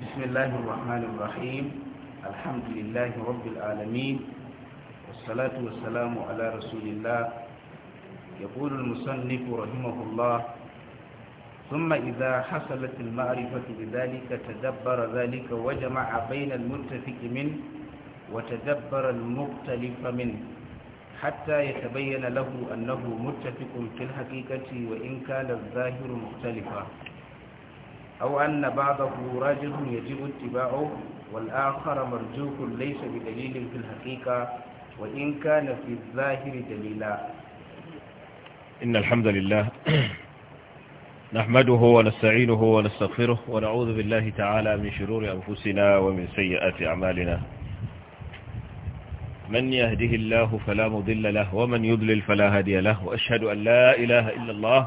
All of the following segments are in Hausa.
بسم الله الرحمن الرحيم الحمد لله رب العالمين والصلاة والسلام على رسول الله يقول المصنف رحمه الله ثم إذا حصلت المعرفة بذلك تدبر ذلك وجمع بين المنتفك منه وتدبر المختلف منه حتى يتبين له أنه متفق في الحقيقة وإن كان الظاهر مختلفا أو أن بعضه راجح يجب اتباعه والآخر مرجوح ليس بدليل في الحقيقة وإن كان في الظاهر دليلا إن الحمد لله نحمده ونستعينه ونستغفره ونعوذ بالله تعالى من شرور أنفسنا ومن سيئات أعمالنا من يهده الله فلا مضل له ومن يضلل فلا هادي له وأشهد أن لا إله إلا الله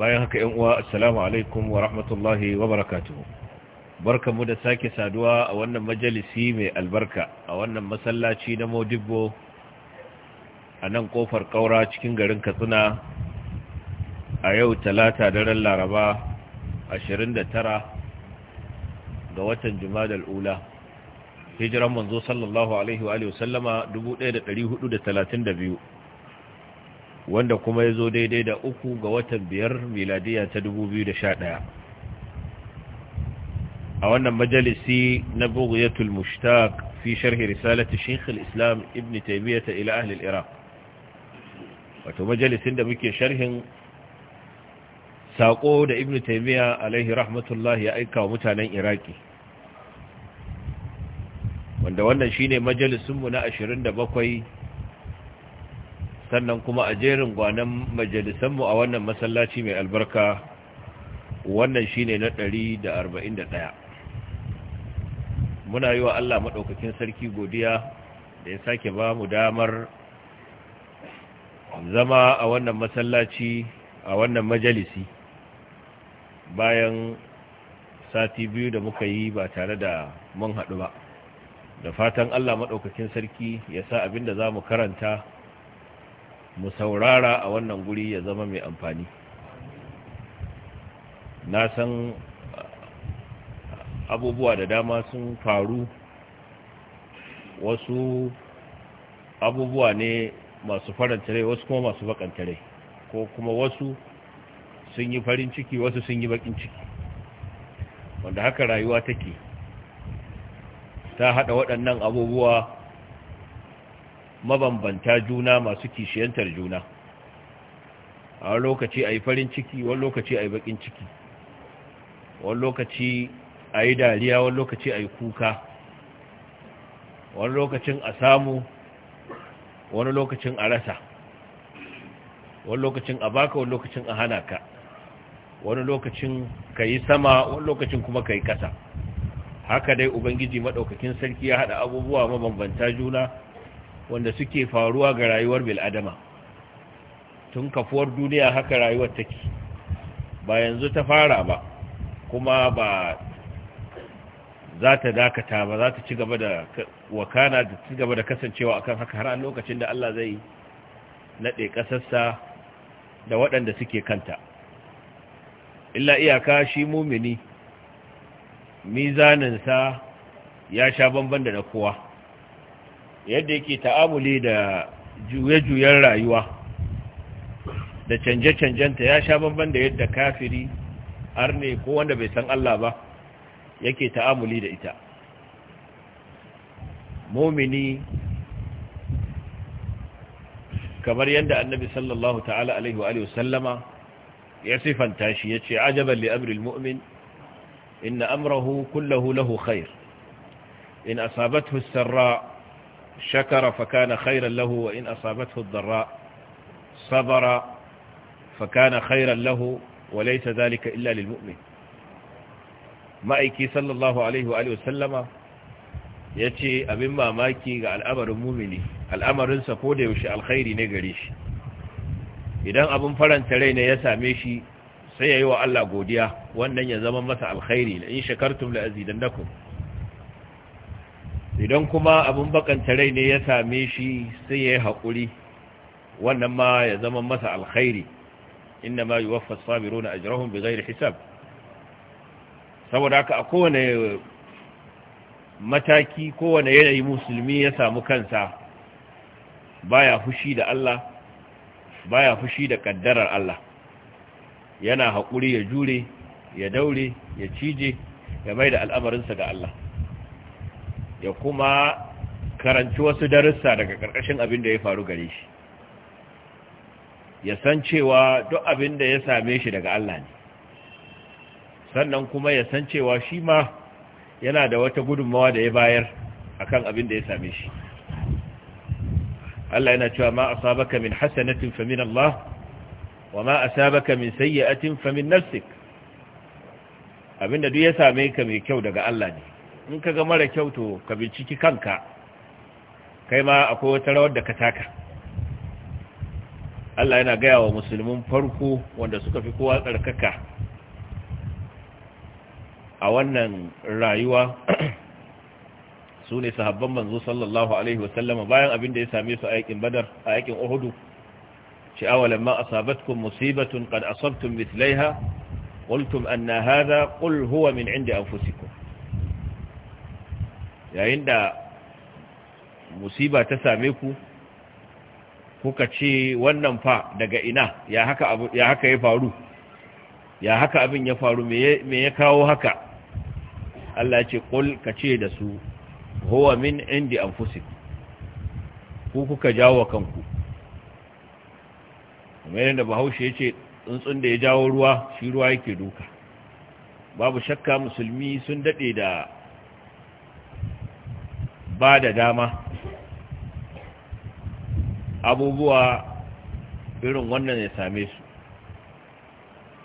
bayan haka yan uwa assalamu alaikum wa rahmatullahi wa Barka mu da sake saduwa a wannan majalisi mai albarka a wannan masallaci na Modibbo a nan kofar kaura cikin garin Katsina a yau talata daren Laraba 29 ga watan Jumadal Ula hijiran manzo sallallahu alaihi wa alihi wasallama 1432 wanda kuma ya zo daidai da uku ga watan biyar miladiya ta 2011 a wannan majalisi na bugiyatul mushtaq fi sharhi risalati shaykh al-islam ibn taymiyyah ila ahli al-iraq wato majalisin da muke sharhin sako da ibn taymiyyah alaihi rahmatullah ya aika wa mutanen iraki wanda wannan shine mu na 27 sannan kuma a jerin gwanan majalisanmu a wannan masallaci mai albarka wannan shine na 141 muna yi wa Allah maɗaukakin sarki godiya da ya sake ba mu damar zama a wannan masallaci a wannan majalisi bayan sati biyu da muka yi ba tare da mun haɗu ba da fatan Allah maɗaukakin sarki ya sa abin da za mu karanta mu saurara a wannan guri ya zama mai amfani na san uh, abubuwa da dama sun faru wasu abubuwa ne masu faranta rai wasu kuma masu bakanta rai ko kuma wasu sun yi farin ciki wasu sun yi bakin ciki wanda haka rayuwa take ta hada waɗannan abubuwa mabambanta juna masu kishiyantar juna a wani lokaci a yi farin ciki wani lokaci a yi bakin ciki wani lokaci a yi dariya wani lokaci a yi kuka wani lokacin a samu wani lokacin a rasa wani lokacin a baka wani lokacin a hana ka wani lokacin ka yi sama wani lokacin kuma ka yi kasa haka dai ubangiji maɗaukakin sarki ya haɗa abubuwa mabambanta juna wanda suke faruwa ga rayuwar bil'adama tun kafuwar duniya haka rayuwar take ba yanzu ta fara ba kuma ba za ta dakata ba za ta ci gaba da wakana da ci gaba da kasancewa akan haka har an lokacin da Allah zai naɗe ƙasarsa da waɗanda suke kanta illa iyaka shi mumini mizaninsa ya sha bamban da na kowa yadda yake ta'amuli da juye-juyen rayuwa da canje-canjenta ya sha banban da yadda kafiri arne ko wanda bai san Allah ba yake ta'amuli da ita mumini kamar yadda annabi sallallahu ta'ala alaihi wa sallama ya sifanta shi ya ce ajaban li amril mu'min inna amrahu kullahu lahu khair in asabathu sarra شكر فكان خيرا له وإن أصابته الضراء صبر فكان خيرا له وليس ذلك إلا للمؤمن ma'aiki sallallahu alaihi wa sallama ya ce abin mamaki ga al'amarin mumini al'amarinsa ko da yaushe alkhairi ne gare shi idan abin faranta rai ne ya same shi sai ya yi wa Allah godiya wannan ya zama masa alkhairi in shakartum la azidannakum idan kuma abin bakanta rai ne ya same shi sai ya yi haƙuri wannan ma ya zama masa alkhairi inda ma yi wafas sabiru na ajirahun bai zai hisab saboda haka a kowane mataki kowane yanayi musulmi ya samu kansa baya fushi da Allah baya fushi da kaddarar Allah yana haƙuri ya jure ya daure ya cije ya mai da al'amarinsa ga Allah ya kuma karanci wasu darussa daga ƙarƙashin abin da ya faru gare shi ya san cewa duk abin da ya same shi daga Allah ne sannan kuma ya san cewa shi ma yana da wata gudunmawa da ya bayar akan abin da ya same shi Allah yana cewa ma asabaka min hasanatin fa min Allah wa ma asabaka min sayyi'atin fa min nafsik abinda duk ya same ka mai kyau daga Allah ne in ka ga mara kyau to ka binciki kanka kai ma akwai wata rawar da ka taka Allah yana gaya wa musulmin farko wanda suka fi kowa tsarkaka a wannan rayuwa su ne sahabban manzo sallallahu alaihi wasallama bayan abin da ya same su a yakin badar a yakin uhudu sha'awalan ma asabatkum musibatun qad asabtum mithlaiha qultum anna hadha qul huwa min indi anfusikum yayin da musiba ta same ku kuka ce wannan fa daga ina ya haka abu ya haka ya faru ya haka abin ya faru me ya kawo haka Allah ya ce kul ka ce da su huwa min indi anfusik ku kuka jawo kanku kamar yadda bahaushe ya ce tsuntsun da ya jawo ruwa shi ruwa yake duka babu shakka musulmi sun dade da ba da dama abubuwa irin wannan ya same su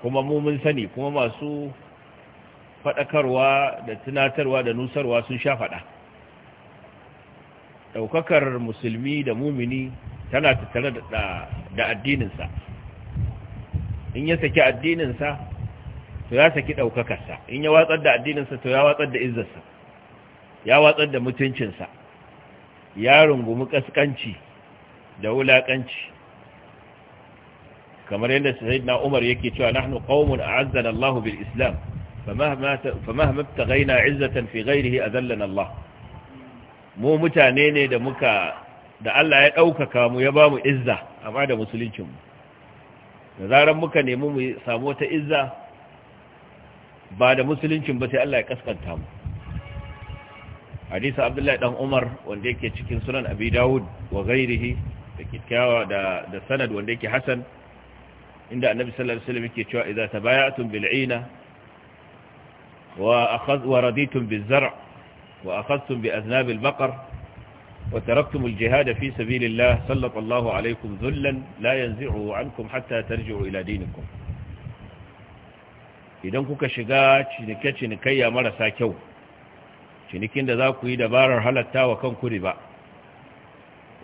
kuma mu mun sani kuma masu faɗakarwa da tunatarwa da nusarwa sun sha faɗa ɗaukakar musulmi da mumini tana tattare da addininsa in ya saki addininsa to ya saki ɗaukakarsa in ya watsar da addininsa to ya watsar da izzarsa ya watsar da mutuncinsa ya rungumi kaskanci da wulakanci kamar yadda sayyidina Umar yake cewa nahnu qaumun a'azzana Allahu bil Islam famahma famahma ibtaghaina 'izzatan fi ghayrihi adallana Allah mu mutane ne da muka da Allah ya ɗaukaka mu ya ba mu izza amma da mu. da zarar muka nemi mu samu wata izza ba da musuluncin ba sai Allah ya kaskanta mu hadisi abdullahi dan umar wanda yake cikin sunan abi dawud wa ghairihi da kikkiawa da da sanad wanda yake hasan inda annabi sallallahu alaihi wasallam yake cewa idza tabaya'tum bil'ina wa akhadh wa raditum biz-zar' wa akhadhtum bi aznab al-baqar wa taraktum al-jihad fi sabilillah sallallahu alaykum dhullan la yanzi'u 'ankum hatta tarji'u ila dinikum idan kuka shiga cinike-cinikayya marasa kyau cinikin da za ku yi dabarar halatta wa kanku riba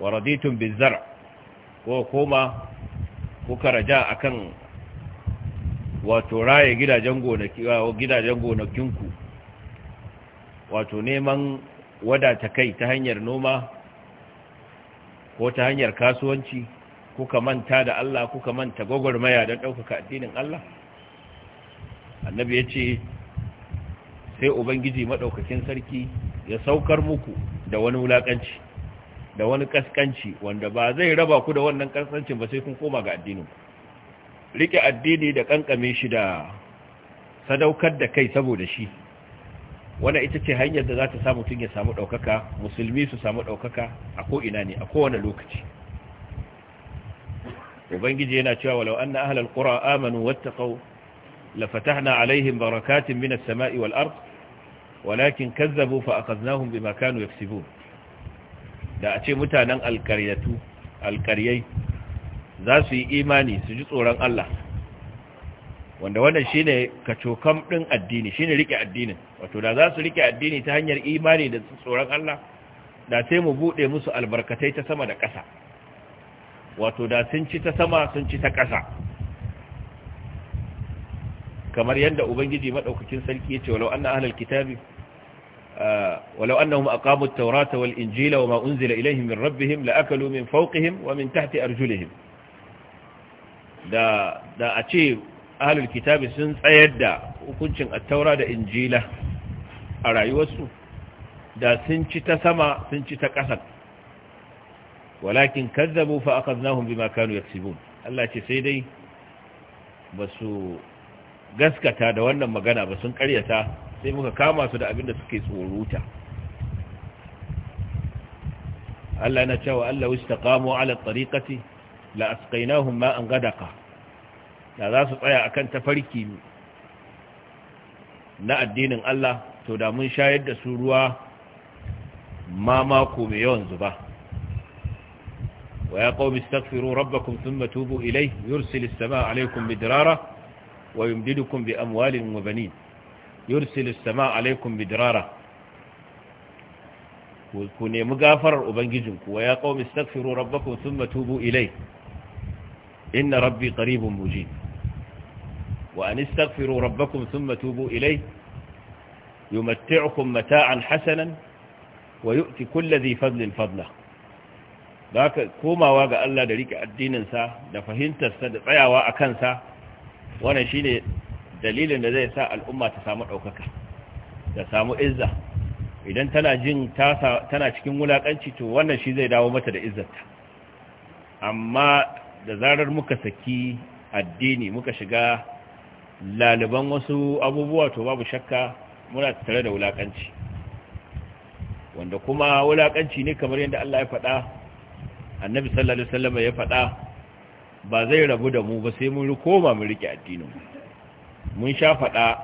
wa raditun bizar ko koma kuka raja akan wato raye gidajen gonakinku wato neman wadatakai kai ta hanyar noma ko ta hanyar kasuwanci kuka manta da Allah kuka manta gwagwarmaya don ɗaukaka addinin Allah annabi ya ce sai ubangiji madaukakin sarki ya saukar muku da wani wulakanci da wani kaskanci wanda ba zai raba ku da wannan kaskancin ba sai kun koma ga addinin rike addini da kankame shi da sadaukar da kai saboda shi wanda ita ce hanyar da za ta sa mutum ya samu ɗaukaka musulmi su samu ɗaukaka a ko'ina ne a kowane lokaci ubangiji yana cewa walau an na ahalar ƙura amanu wata ƙau fatahna alaihim barakatin minas sama'i wal walakin kazzabu fa akaznahum bima kanu yaksibun da a ce mutanen alƙaryatu alƙaryai za su yi imani su ji tsoron Allah wanda wannan shine kacokam din addini shine rike addinin wato da za su rike addini ta hanyar imani da tsoron Allah da sai mu bude musu albarkatai ta sama da ƙasa wato da sun ci ta sama sun ci ta ƙasa kamar yadda ubangiji madaukakin sarki ya ce walau anna ahlul kitabi ولو أنهم أقاموا التوراة والإنجيل وما أنزل إليهم من ربهم لأكلوا من فوقهم ومن تحت أرجلهم da da a ce ahlul kitabi sun tsayar da hukuncin attaura da injila a rayuwarsu da sun ci ta sama sun ci ta ƙasa walakin kazzabu fa akhadnahum bima kanu yaksibun Allah ce sai dai basu gaskata da wannan magana ba sun ƙaryata sai muka kama su da abin da suke tsoruta Allah na cewa Allah istaqamu ala tariqati la asqainahum ma'an gadaqa da za su tsaya akan tafarki na addinin Allah to da mun shayar da su ruwa ma mako mai yawan zuba wa ya qaumi astaghfiru rabbakum thumma tubu ilayhi yursilis samaa alaykum bidrara wa yumdidukum bi amwalin wa يرسل السماء عليكم بدرارة ويكون مغافر أبنجزنك ويا قوم استغفروا ربكم ثم توبوا إليه إن ربي قريب مجيب وأن استغفروا ربكم ثم توبوا إليه يمتعكم متاعا حسنا ويؤتي كل ذي فضل فضلة ذاك كوما واقع الله دريك الدين انسا دفهنت السد عيا واقع انسا وانا شيني dalilin da zai sa al'umma ta samu ɗaukaka da samu izza idan tana jin tana cikin wulaƙanci to wannan shi zai dawo mata da izzarta amma da zarar muka saki addini muka shiga laliban wasu abubuwa to babu shakka muna tare da wulaƙanci wanda kuma wulaƙanci ne kamar yadda Allah ya faɗa annabi sallallahu alaihi wasallam ya faɗa ba zai rabu da mu ba sai mun koma mu rike addinin mu mun sha faɗa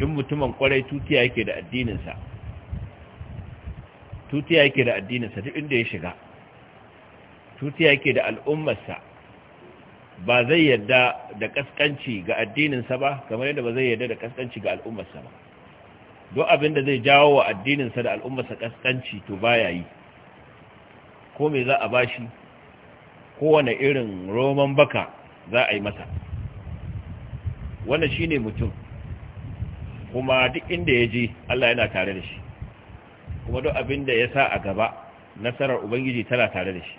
in mutumin kwarai tutiya yake da addininsa tutiya yake da addininsa duk inda ya shiga tutiya yake da al'ummarsa ba zai yadda da kaskanci ga addininsa ba kamar yadda ba zai yadda da kaskanci ga al'ummarsa ba Don abin da zai jawo wa addininsa da al'ummarsa kaskanci to ya yi ko me za a bashi kowane irin roman baka za a yi masa wannan shi ne mutum kuma duk inda ya je Allah yana tare da shi kuma duk abin da ya sa a gaba nasarar ubangiji tana tare da shi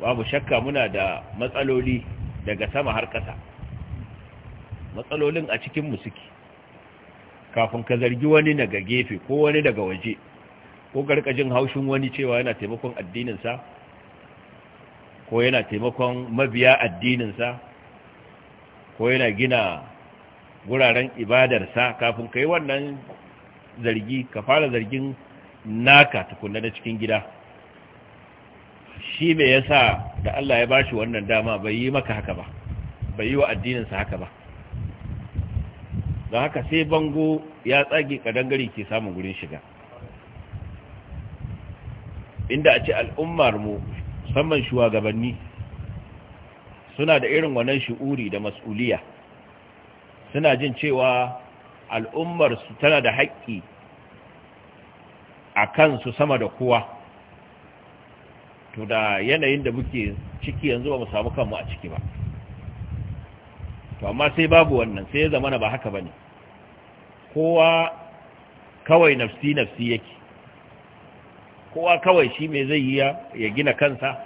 babu shakka muna da matsaloli daga sama har ƙasa matsalolin a cikin musiki kafin ka zargi wani daga gefe ko wani daga waje ko garkajin haushin wani cewa yana taimakon addininsa ko yana taimakon mabiya addininsa ko yana gina wuraren ibadarsa kafin ka yi wannan zargi ka fara zargin naka tukunna na cikin gida shi mai yasa da Allah ya bashi wannan dama bai yi maka haka ba bai yi wa addininsa haka ba don haka sai bango ya tsage kadangare ke samun gurin shiga inda a ce al'ummar mu musamman shugabanni suna da irin wannan shi'uri da mas'uliya suna jin cewa al'ummar su tana da haƙƙi a kansu sama da kowa to da yanayin da muke ciki yanzu ba mu samu kanmu a ciki ba to amma sai babu wannan sai ya zama ba haka bane kowa kawai nafsi nafsi yake kowa kawai shi mai zai yi ya gina kansa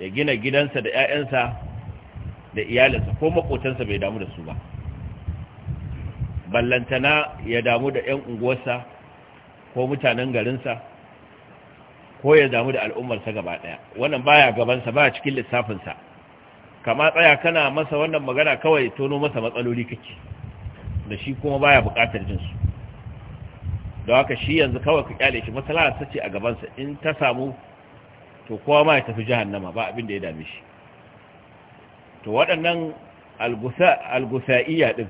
ya gina gidansa da 'ya'yansa da iyalinsa ko makotansa bai damu da su ba ballantana ya damu da 'yan unguwarsa ko mutanen garinsa ko ya damu da al'ummarsa gaba ɗaya wannan baya gabansa ba cikin lissafinsa kama tsaya kana masa wannan magana kawai tono masa matsaloli kake da shi kuma baya bukatar jinsu da haka shi yanzu kawai ka kyale shi matsala ta ce a gabansa in ta samu to kowa ma ya tafi jahannama ba abin da ya dame shi to waɗannan algusaiya ɗin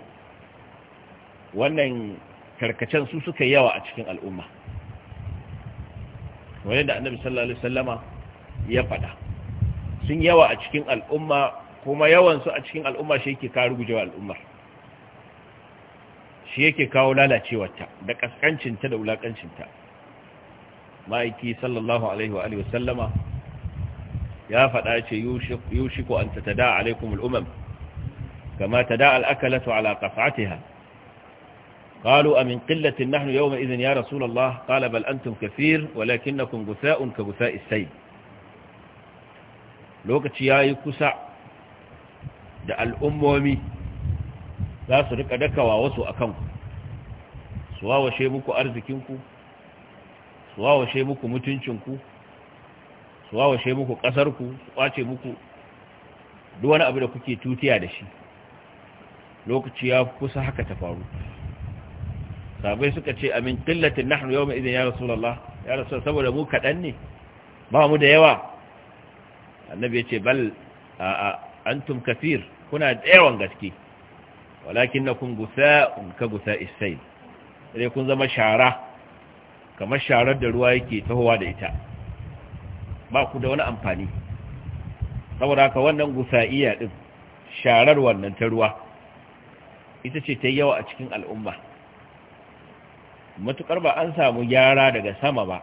wannan karkacen su suka yawa a cikin al'umma wani da annabi sallallahu alaihi wasallama ya faɗa sun yawa a cikin al'umma kuma yawansu a cikin al'umma shi yake karu gujewa al'ummar shi yake kawo lalacewarta da kaskancinta da wulakancinta ma'aiki sallallahu alaihi wa alihi ya faɗa ce yushiku an tatada alaikum al'umam kama tada al'akalatu ala qas'atiha قالوا أمن قلة نحن يومئذ يا رسول الله قال بل أنتم كثير ولكنكم غثاء كغثاء السيل لوكتي يا يكسع da al'ummomi za su rika dakawa wasu a kanku su wawashe muku arzikinku su wawashe muku mutuncinku su wawashe muku ƙasarku su kwace muku duk wani abu da kuke tutiya da shi lokaci ya kusa haka ta faru sabai suka ce amin qillatin nahnu mai izin ya rasulullah ya rasul saboda mu kaɗan ne ba mu da yawa annabi ya ce bal a antum kafir kuna da yawan gaske walakin na kun gusa ka gusa isai sai kun zama shara kamar sharar da ruwa yake tahowa da ita ba ku da wani amfani saboda haka wannan iya din sharar wannan ta ruwa ita ce ta yawa a cikin al'umma matukar ba an samu gyara daga sama ba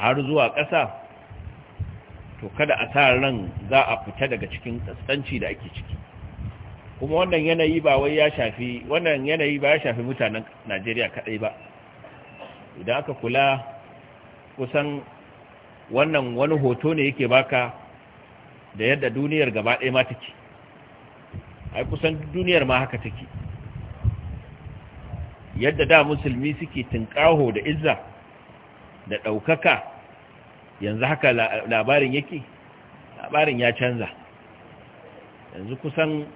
har zuwa ƙasa to kada a sa ran za a fita daga cikin tsantsanci da ake ciki kuma wannan yanayi ba wai ya shafi wannan yanayi ba ya shafi mutanen Najeriya kadai ba idan aka kula kusan wannan wani hoto ne yake baka da yadda duniyar gaba ɗaya ma take ai kusan duniyar ma haka take yadda da musulmi suke tunƙaho da izza da ɗaukaka yanzu haka labarin yake labarin ya canza yanzu kusan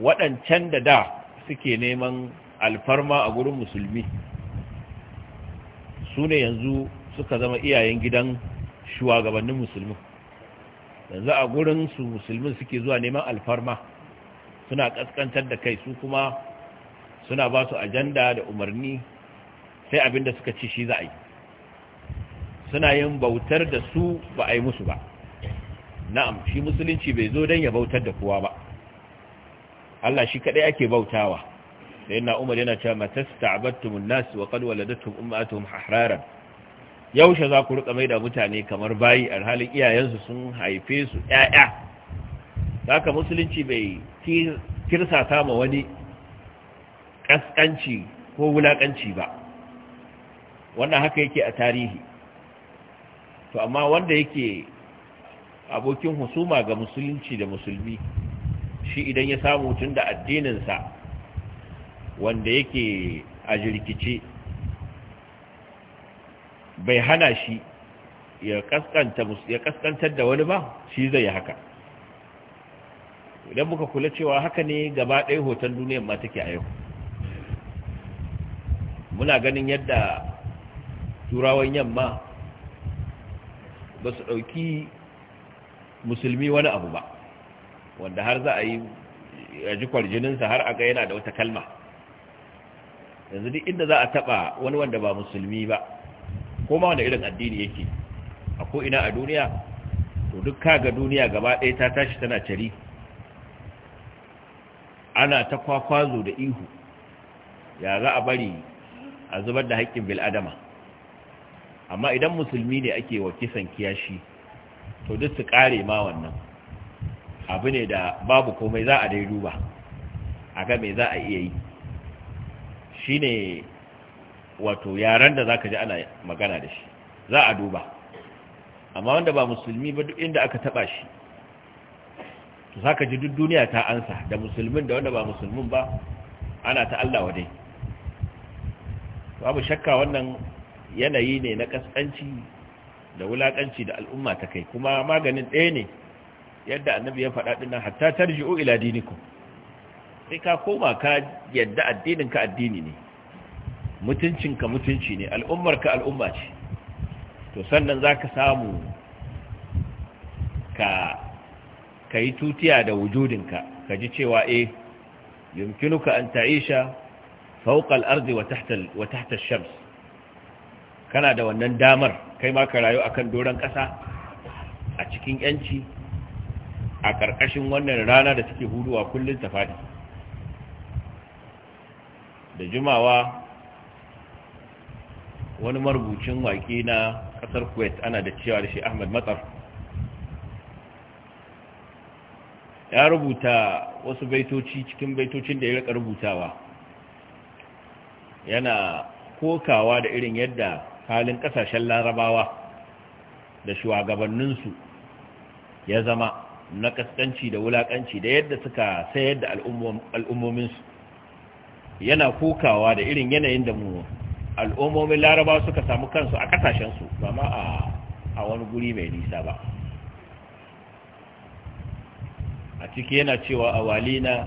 waɗancan da da suke neman alfarma a gurin musulmi su ne yanzu suka zama iyayen gidan shugabannin musulmi yanzu a gurin su musulmi suke zuwa neman alfarma suna kaskantar da kai su kuma suna ba su ajanda da umarni sai abin da suka ci shi za a yi suna yin bautar da su ba a yi musu ba na'am shi musulunci bai zo don ya bautar da kowa ba Allah shi kaɗai ake bautawa sai na Umar yana cewa matasta'abattumun nas wa qad waladatuhum ummatuhum ahraran yaushe za ku rika da mutane kamar bayi alhalin iyayensu sun haife su ƴaƴa haka musulunci bai kirsa ma wani kaskanci ko wulakanci ba wannan haka yake a tarihi to amma wanda yake abokin husuma ga musulunci da musulmi shi idan ya samu tun da addininsa wanda yake a jirkice bai hana shi ya kaskantar da wani ba shi zai yi haka idan muka kula cewa haka ne gaba ɗaya hoton duniyar ma take a yau muna ganin yadda turawan yamma ba su ɗauki musulmi wani abu ba wanda har za a yi a ji kwarjininsa har aga yana da wata kalma yanzu duk inda za a taba wani wanda ba musulmi ba ko ma wanda irin addini yake a ko ina a duniya to duk kaga duniya gaba ɗaya ta tashi tana cari ana ta kwakwazo da ihu ya za a bari a zubar da haƙƙin bil'adama amma idan musulmi ne ake wa kisan kiyashi to duk su ƙare ma wannan abu ne da babu komai za a dai duba a ga me za a iya yi shine wato yaran da zaka ji ana magana da shi za a duba amma wanda ba musulmi ba duk inda aka taba shi to zaka ji duk duniya ta ansa da musulmin da wanda ba musulmin ba ana ta Allah wa dai babu shakka wannan yanayi ne na kaskanci da wulakanci da al'umma ta kai kuma maganin ɗaya ne yadda annabi ya faɗa dinnan hatta tarji'u ila dinikum sai ka koma ka yadda addinin ka addini ne mutuncin ka mutunci ne al'ummar ka al'umma ce to sannan zaka samu ka kai tutiya da wujudinka ka ji cewa eh yumkinuka an ta'isha fawqa al-ardi wa tahta wa tahta ash-shams kana da wannan damar kai ma ka rayu akan doran ƙasa, a cikin yanci a ƙarƙashin wannan rana da suke huduwa kullum ta faɗi da jimawa wani marubucin waƙe na ƙasar kuwait ana da cewa da shi ahmad matsar ya rubuta wasu baitoci cikin baitocin da ya rika rubutawa yana kokawa da irin yadda halin ƙasashen larabawa da shugabanninsu ya zama na kaskanci da wulakanci da yadda suka sayar da al'ummominsu yana kokawa da irin yanayin da mu al'ummomin laraba suka samu kansu a kasashensu ba ma a wani guri mai nisa ba a ciki yana cewa a walina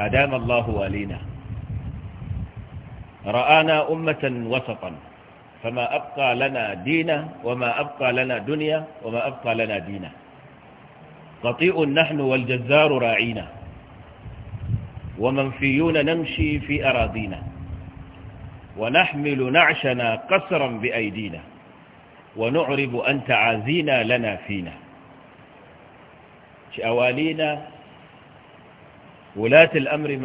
adam Allah walina ra'ana ummatan wasafan fama abqa lana dina wama abqa lana dunya wama abqa lana dina قطيء نحن والجزار راعينا ومنفيون نمشي في أراضينا ونحمل نعشنا قسرا بأيدينا ونعرب أن تعازينا لنا فينا شأوالينا ولاة الأمر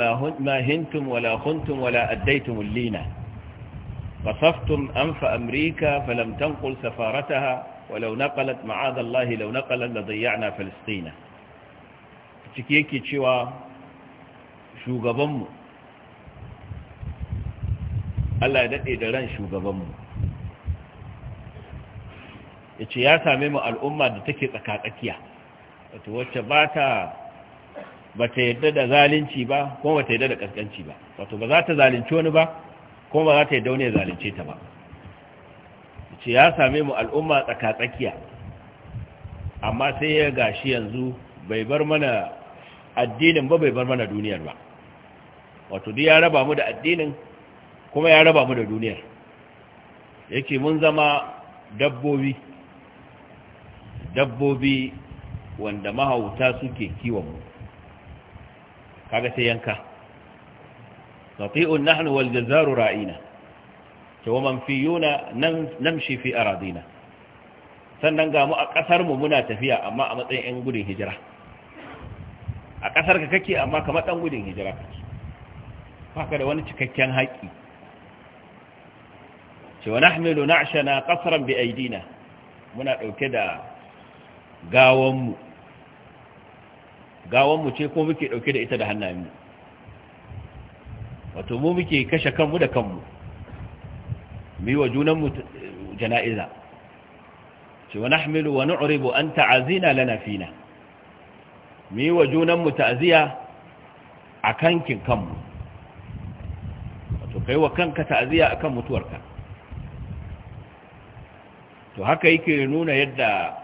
ما هنتم ولا خنتم ولا أديتم اللينا قصفتم أنف أمريكا فلم تنقل سفارتها walau naqalat ma'adallahi law naqalat la dayya'na filistina ciki yake cewa shugabanmu Allah ya daɗe da ran shugabanmu ya ce ya same mu al'umma da take tsakatsakiya wato wacce ba ta ba ta yadda da zalunci ba kuma ba ta yadda da ƙasƙanci ba wato ba za ta zalunci wani ba kuma ba za ta yadda wani ya zalunce ta ba ce ya same mu al'umma tsaka-tsakiya. amma sai ya gashi yanzu bai bar mana addinin ba bai bar mana duniyar ba wato duk ya raba mu da addinin kuma ya raba mu da duniyar yake mun zama dabbobi dabbobi wanda mahauta suke kiwon mu kaga sai yanka tafi'un nahnu wal jazaru ra'ina to man yuna namshi fi aradina sannan ga mu a kasar mu muna tafiya amma a matsayin yan gudun hijira a kasar ka kake amma kamar ɗan gudun hijira kake baka da wani cikakken haƙi ce wa nahmilu na'shana qasran bi aidina muna dauke da gawanmu gawanmu ce ko muke dauke da ita da hannayenmu wato mu muke kashe kanmu da kanmu mi wa junanmu jana'iza ce wa nahmilu wa nu'ribu an ta'azina lana fina mi wa junanmu ta'aziya a kankin kanmu to kai wa kanka a kan mutuwarka to haka yake nuna yadda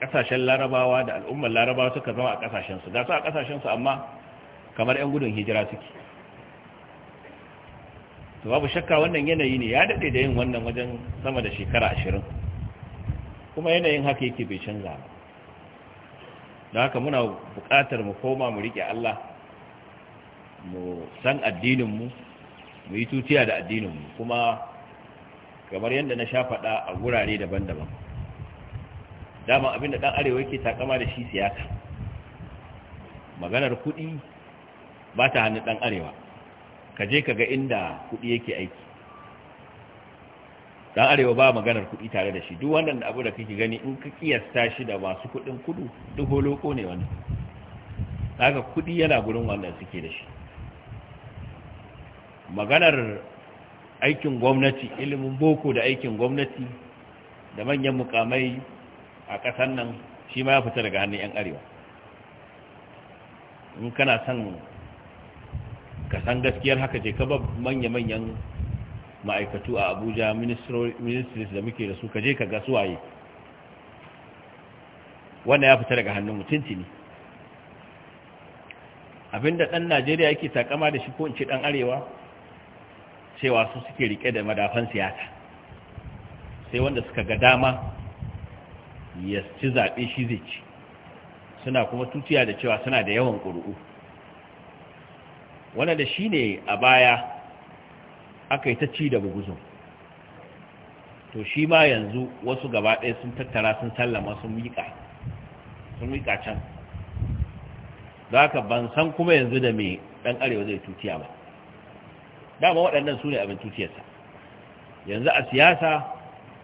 ƙasashen larabawa da al'ummar larabawa suka zama a ƙasashensu, da su a ƙasashensu amma kamar 'yan gudun hijira suke to babu shakka wannan yanayi ne ya dade da yin wannan wajen sama da shekara ashirin kuma yanayin haka yake bai canza ba da haka muna bukatar mu koma mu rike Allah mu san addininmu mu yi tutiya da mu, kuma kamar yadda na sha faɗa a wurare daban-daban dama abinda ɗan arewa yake takama da shi siyasa maganar kuɗi ba ta hannu ɗan arewa ka je ka ga inda kuɗi yake aiki dan arewa ba maganar kuɗi tare da shi duk wannan abu da kake gani in ka kiyasta shi da masu kuɗin kudu duk holoko ne wannan haka kuɗi yana gurin wannan suke da shi maganar aikin gwamnati ilimin boko da aikin gwamnati da manyan mukamai a ƙasar nan shi ma ya fita daga hannun 'yan arewa in kana son ka san gaskiyar haka ce ka ba manya-manyan ma'aikatu a abuja ministries da muke da su ka je ka ga suwaye wanda ya fita daga hannun mutunci ne abinda ɗan najeriya yake takama da shi ko ince ce ɗan arewa cewa su suke rike da madafan siyasa sai wanda suka ga dama ya ci zaɓe shi zai ci suna kuma tutiya da cewa suna da yawan ƙuri'u wanda da shi ne a baya aka yi ta ci da buguzun to shi ma yanzu wasu gaba ɗaya sun tattara sun sallama sun miƙa sun miƙa can za ka ban san kuma yanzu da mai ɗan arewa zai tutiya ba dama waɗannan su ne abin tutiyarsa yanzu a siyasa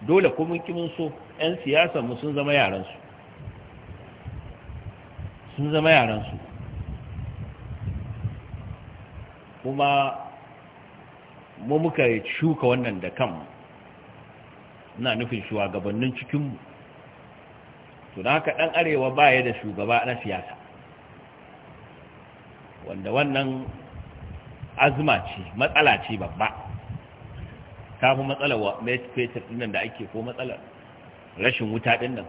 dole kuma kimin so 'yan siyasa mu sun zama yaransu sun zama yaransu kuma mu muka shuka wannan da kan na nufin shugabannin cikinmu to da haka ɗan arewa baya da shugaba na siyasa wanda wannan azuma ce matsala ce babba ta fi matsala wa fetur ɗinnan da ake ko matsala rashin wuta ɗinnan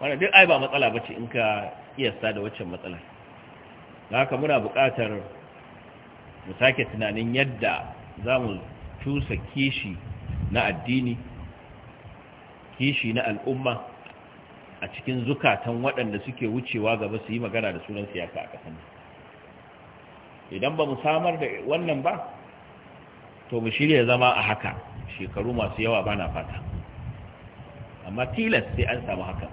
wanda duk ai ba matsala ba ce in ka sa da waccan matsalar da haka muna buƙatar mu sake tunanin yadda za mu cusa kishi na addini kishi na al'umma a cikin zukatan waɗanda suke wucewa gaba su yi magana da sunan siyasa a ƙasar idan ba mu samar da wannan ba to mu shirya zama a haka shekaru masu yawa ba na fata amma tilas sai an samu haka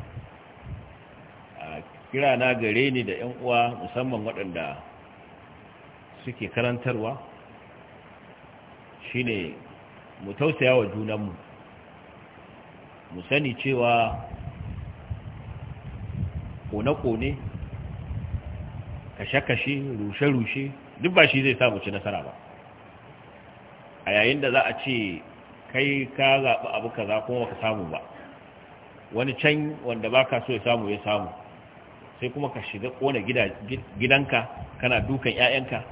kira na gare ni da 'yan uwa musamman waɗanda suke karantarwa shi ne mu tausaya wa junanmu mu sani cewa kone-kone kashe-kashe rushe-rushe duk ba shi zai samu ci nasara ba a yayin da za a ce kai ka zaɓi abu za kuma ka samu ba wani can wanda ba ka so ya samu ya samu sai kuma ka shiga kona gidanka kana dukan 'ya'yanka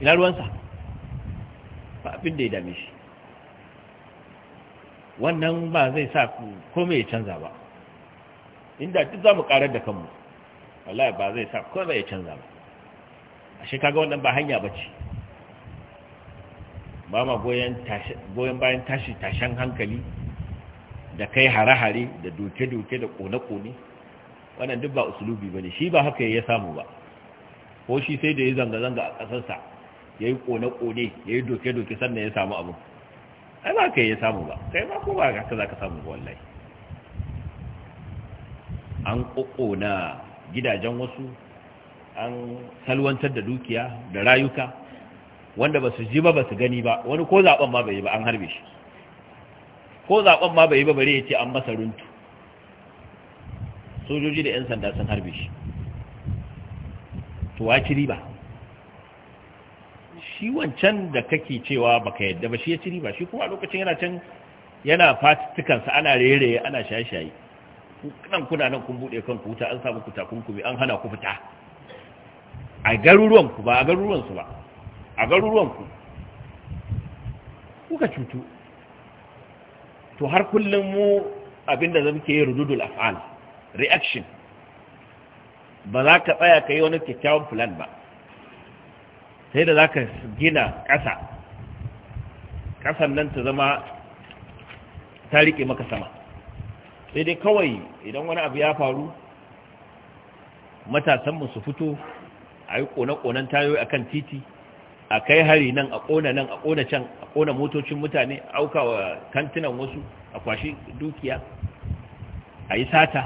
ina ruwansa ba abin da ya dame shi wannan ba zai sa kome ya canza ba inda duk za mu karar da kanmu wallahi ba zai sa kome ya canza ba a shekaga wannan ba hanya ba ce ba ma goyon bayan tashi tashen hankali da kai hare-hare da doke-doke da kone-kone wannan duk ba usulubi ba ne shi ba haka ya samu ba ko shi sai da ya zanga-zanga a ƙasarsa Yayi kone-kone yayi doke-doke sannan ya samu abu ai ba ka yi samu ba kai ma ko ba ka za ka samu ba wallahi an kokona gidajen wasu an salwantar da dukiya da rayuka wanda ba su ji ba ba su gani ba wani ko zaben ma bai yi ba an harbe shi ko zaben ma bai yi ba bare ya ce an masa runtu sojoji da 'yan sanda sun harbe shi to waci riba shi wancan da kake cewa baka yadda ba shi ya ci riba shi kuma a lokacin yana can yana fatikansa ana rere ana shaye-shaye kuna nan kun buɗe kanku wuta an samu ku takunkumi an hana ku fita a garuruwanku ba a garuruwansu ba a garuruwanku kuka cutu to har kullum mu abinda zan ke rududul af'al reaction ba za ka tsaya ka yi wani kyakkyawan plan ba sai da za ka gina ƙasa ƙasan nan ta zama ta riƙe maka sama sai dai kawai idan wani abu ya faru matasanmu su fito a yi ƙone-ƙonen tayoyi a kan titi a kai hari nan a ƙona nan a ƙona can a ƙona motocin mutane auka wa kantinan wasu a kwashi dukiya a yi sata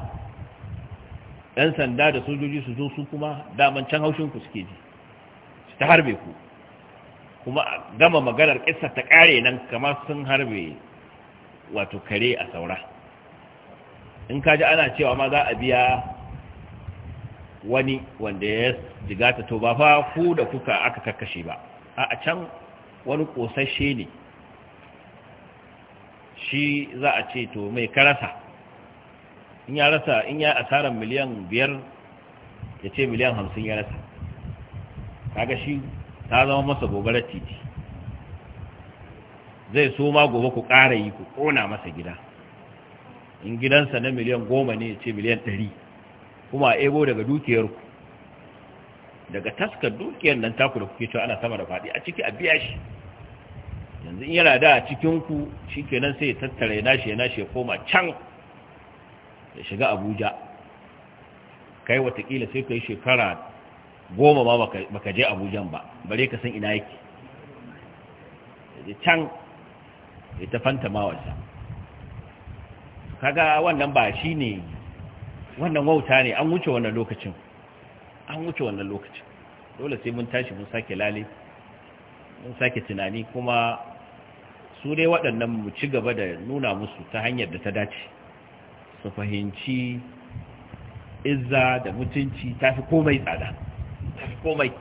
ɗan sanda da sojoji su zo su kuma daman can haushinku suke ji ta harbe ku kuma gama maganar kissa ta kare nan kamar sun harbe wato kare a saura in ka ji ana cewa ma za a biya wani wanda ya jiga ta to ba fa ku da kuka aka karkashe ba a can wani kosashe ne shi za a ce to mai karasa in ya rasa in ya asarar miliyan biyar ya ce miliyan hamsin ya rasa kaga shi ta zama masa gobarar titi zai so ma gobe ku ƙara yi ku ƙona masa gida in gidansa na miliyan goma ne ce miliyan ɗari kuma a ebo daga dukiyarku daga taskar dukiyar nan taku da kuke cewa ana sama da faɗi a ciki a biya shi yanzu in yana da a cikinku shi kenan sai ya tattara ya nashi ya nashi ya koma can ya shiga abuja kai watakila sai ka yi shekara goma ba baka je abujan ba bare ka san ina yake ya can ya ta fanta mawarsa kaga wannan ba shi ne wannan wauta ne an wuce wannan lokacin an wuce wannan lokacin dole sai mun tashi mun sake lale mun sake tunani kuma su dai waɗannan mu ci gaba da nuna musu ta hanyar da ta dace su fahimci izza da mutunci ta fi komai tsada komai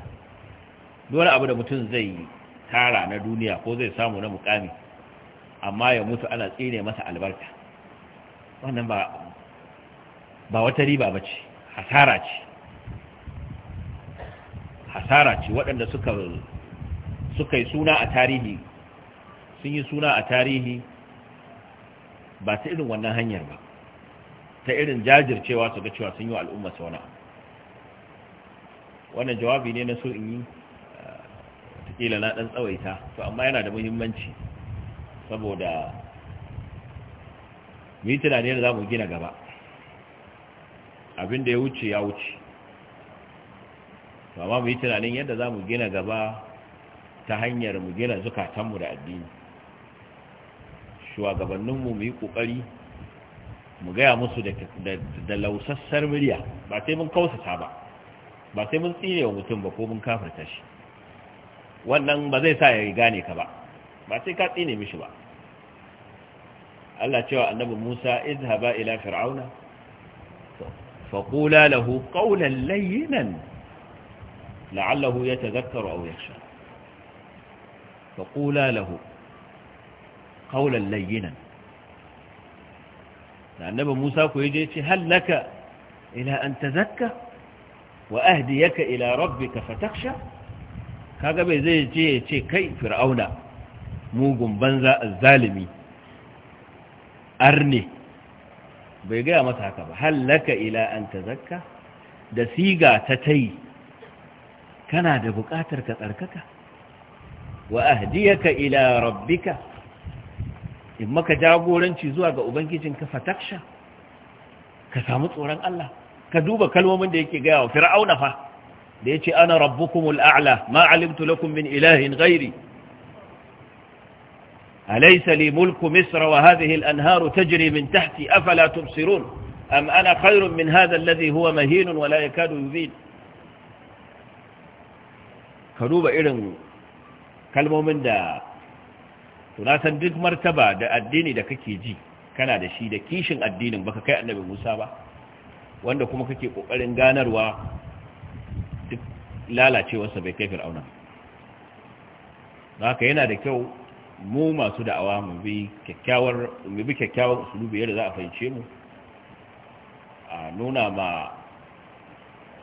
wani abu da mutum zai tara na duniya ko zai samu na mukami amma ya mutu ana tsine masa albarka wannan ba ba wata riba ba ce hasara ce hasara ce waɗanda suka suka yi suna a tarihi sun yi suna a tarihi ba ta irin wannan hanyar ba ta irin jajircewa su ga cewa sun yi al'umma abu wannan jawabi ne na so in yi kila na dan tsawaita to amma yana da muhimmanci saboda mu yi tunani da za mu gina gaba abin ya wuce ya wuce To amma mu yi tunanin yadda za mu gina gaba ta hanyar mu gina zukatanmu da addini shugabanninmu mu yi ƙoƙari mu gaya musu da lausassar murya ba sai mun kausata ba ba sai mun tsine wa mutum ba ko mun kafirta shi wannan ba zai sa ya gane ka ba ba sai ka tsine mishi ba Allah cewa annabi Musa izhaba ila fir'auna فقولا له قولا لينا لعله يتذكر أو يخشى فقولا له قولا لينا النبي موسى كويجيتي هل لك إلى أن تذكى wa ahdiyaka ila rabbika fatakhsha kaga bai zai je ya ce kai fir'auna mugun banza azzalimi arne bai gaya masa haka ba hallaka ila an tazakka da siga ta tai kana da buƙatar ka tsarkaka wa ahdiyaka ila rabbika in maka jagoranci zuwa ga ubangijinka fataksha ka samu tsoron Allah ka duba kalmomin da yake gaya wa fir'auna fa da yace ana rabbukumul a'la ma alimtu lakum min ilahin ghairi alaysa li mulku misra wa hadhihi al-anharu tajri min tahti afala tubsirun am ana khairun min hadha alladhi huwa mahin wa la yakadu yubin ka duba irin kalmomin da tunatan duk martaba da addini da kake ji kana da shi da kishin addinin baka kai annabi Musa ba wanda kuma kake kokarin ganarwa duk lalacewarsa bai kai fir'auna haka yana da kyau mu masu da'awa mu bi kyakkyawar mu bi usulubi yadda za a fahimce mu a nuna ma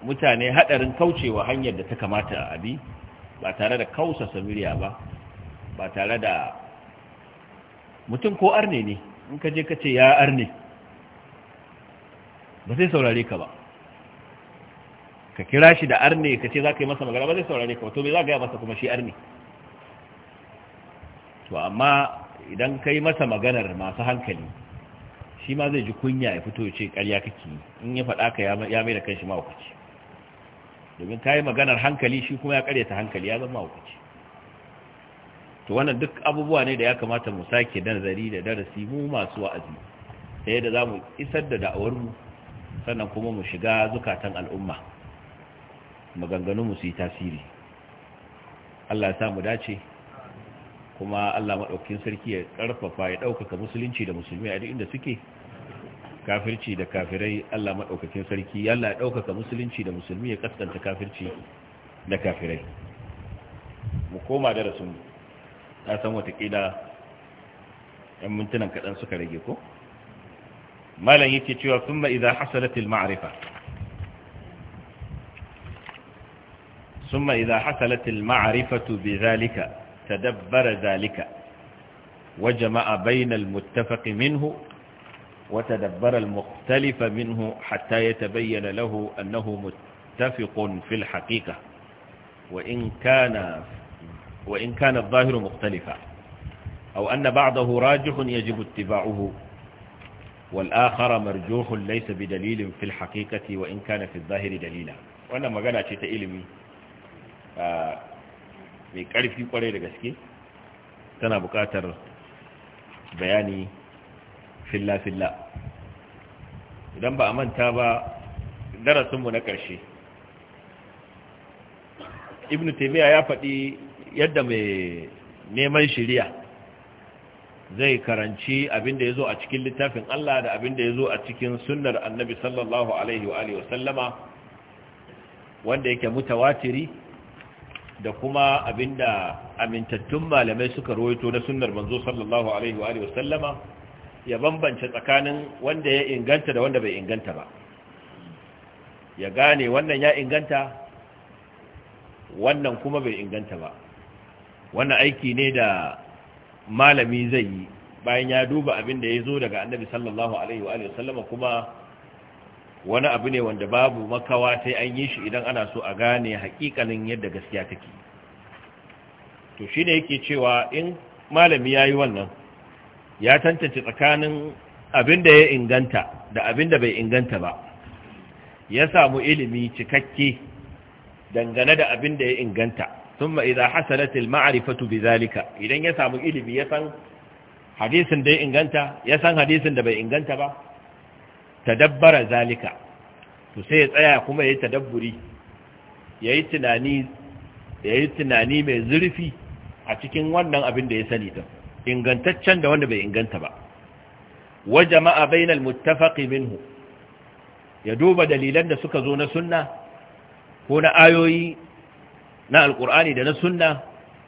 mutane hadarin kaucewa hanyar da ta kamata a bi ba tare da kausa samiriya ba ba tare da mutum ko arne ne in ka je ka ce ya arne ba zai saurare ka ba ka kira shi da arne ka ce za ka yi masa magana ba zai saurare ka ba to me za ka yi masa kuma shi arne to amma idan ka yi masa maganar masu hankali shi ma zai ji kunya ya fito ce karya kake in ya faɗa ka ya mai da kanshi mawakaci domin ka yi maganar hankali shi kuma ya karya ta hankali ya zama mawakaci to wannan duk abubuwa ne da ya kamata mu sake nazari da darasi mu masu wa'azi ta yadda za mu isar da da'awarmu sannan kuma mu shiga zukatan al'umma maganganu mu su yi tasiri Allah ya sa mu dace kuma Allah maɗaukin sarki ya ƙarfafa ya ɗaukaka musulunci da musulmi a duk inda suke kafirci da kafirai Allah maɗaukakin sarki Allah ya ɗaukaka musulunci da musulmi ya kaskanta kafirci da kafirai mu koma darasin na san watakila 'yan mintunan kaɗan suka rage ko? مالن يكي cewa ثم إذا حصلت المعرفة ثم إذا حصلت المعرفة بذلك تدبر ذلك وجمع بين المتفق منه وتدبر المختلف منه حتى يتبين له أنه متفق في الحقيقة وإن كان, وإن كان الظاهر مختلفا أو أن بعضه راجح يجب اتباعه والآخر مرجوح ليس بدليل في الحقيقة وإن كان في الظاهر دليلا وانا مغانا ce ta ilimi mai ƙarfi kwarai da gaske tana buƙatar bayani filla-filla idan ba a manta ba darasinmu na ƙarshe ibn taimiyya ya faɗi yadda mai neman shiriya. zai karanci abinda ya zo a cikin littafin Allah da abinda ya zo a cikin sunnar annabi sallallahu alaihi wa sallama wanda yake mutawatiri da kuma abinda amintattun malamai suka rawaito na sunnar manzo sallallahu alaihi wa sallama ya bambance tsakanin wanda ya inganta da wanda bai inganta ba ya gane wannan ya inganta wannan kuma bai inganta ba wannan aiki ne da malami zai yi bayan ya duba abin da ya zo daga annabi sallallahu alaihi wa sallama kuma wani abu ne wanda babu makawa sai an yi shi idan ana so a gane haƙiƙanin yadda gaskiya take to shine yake cewa in malami yayi wannan ya tantance tsakanin abin da ya inganta da abin da bai inganta ba ya samu ilimi cikakke dangane da abin da ya inganta thumma idza hasalat al ma'rifatu bidhalika idan ya samu ilimi ya hadisin da ya inganta ya san bai inganta ba tadabbara zalika to sai ya tsaya kuma yayi tadabburi yayi tunani yayi tunani mai zurfi a cikin wannan abin da ya sani din ingantaccen da wanda bai inganta ba wa jama'a bainal muttafaqi minhu ya duba dalilan da suka zo na sunna ko na ayoyi na alkur'ani da na sunna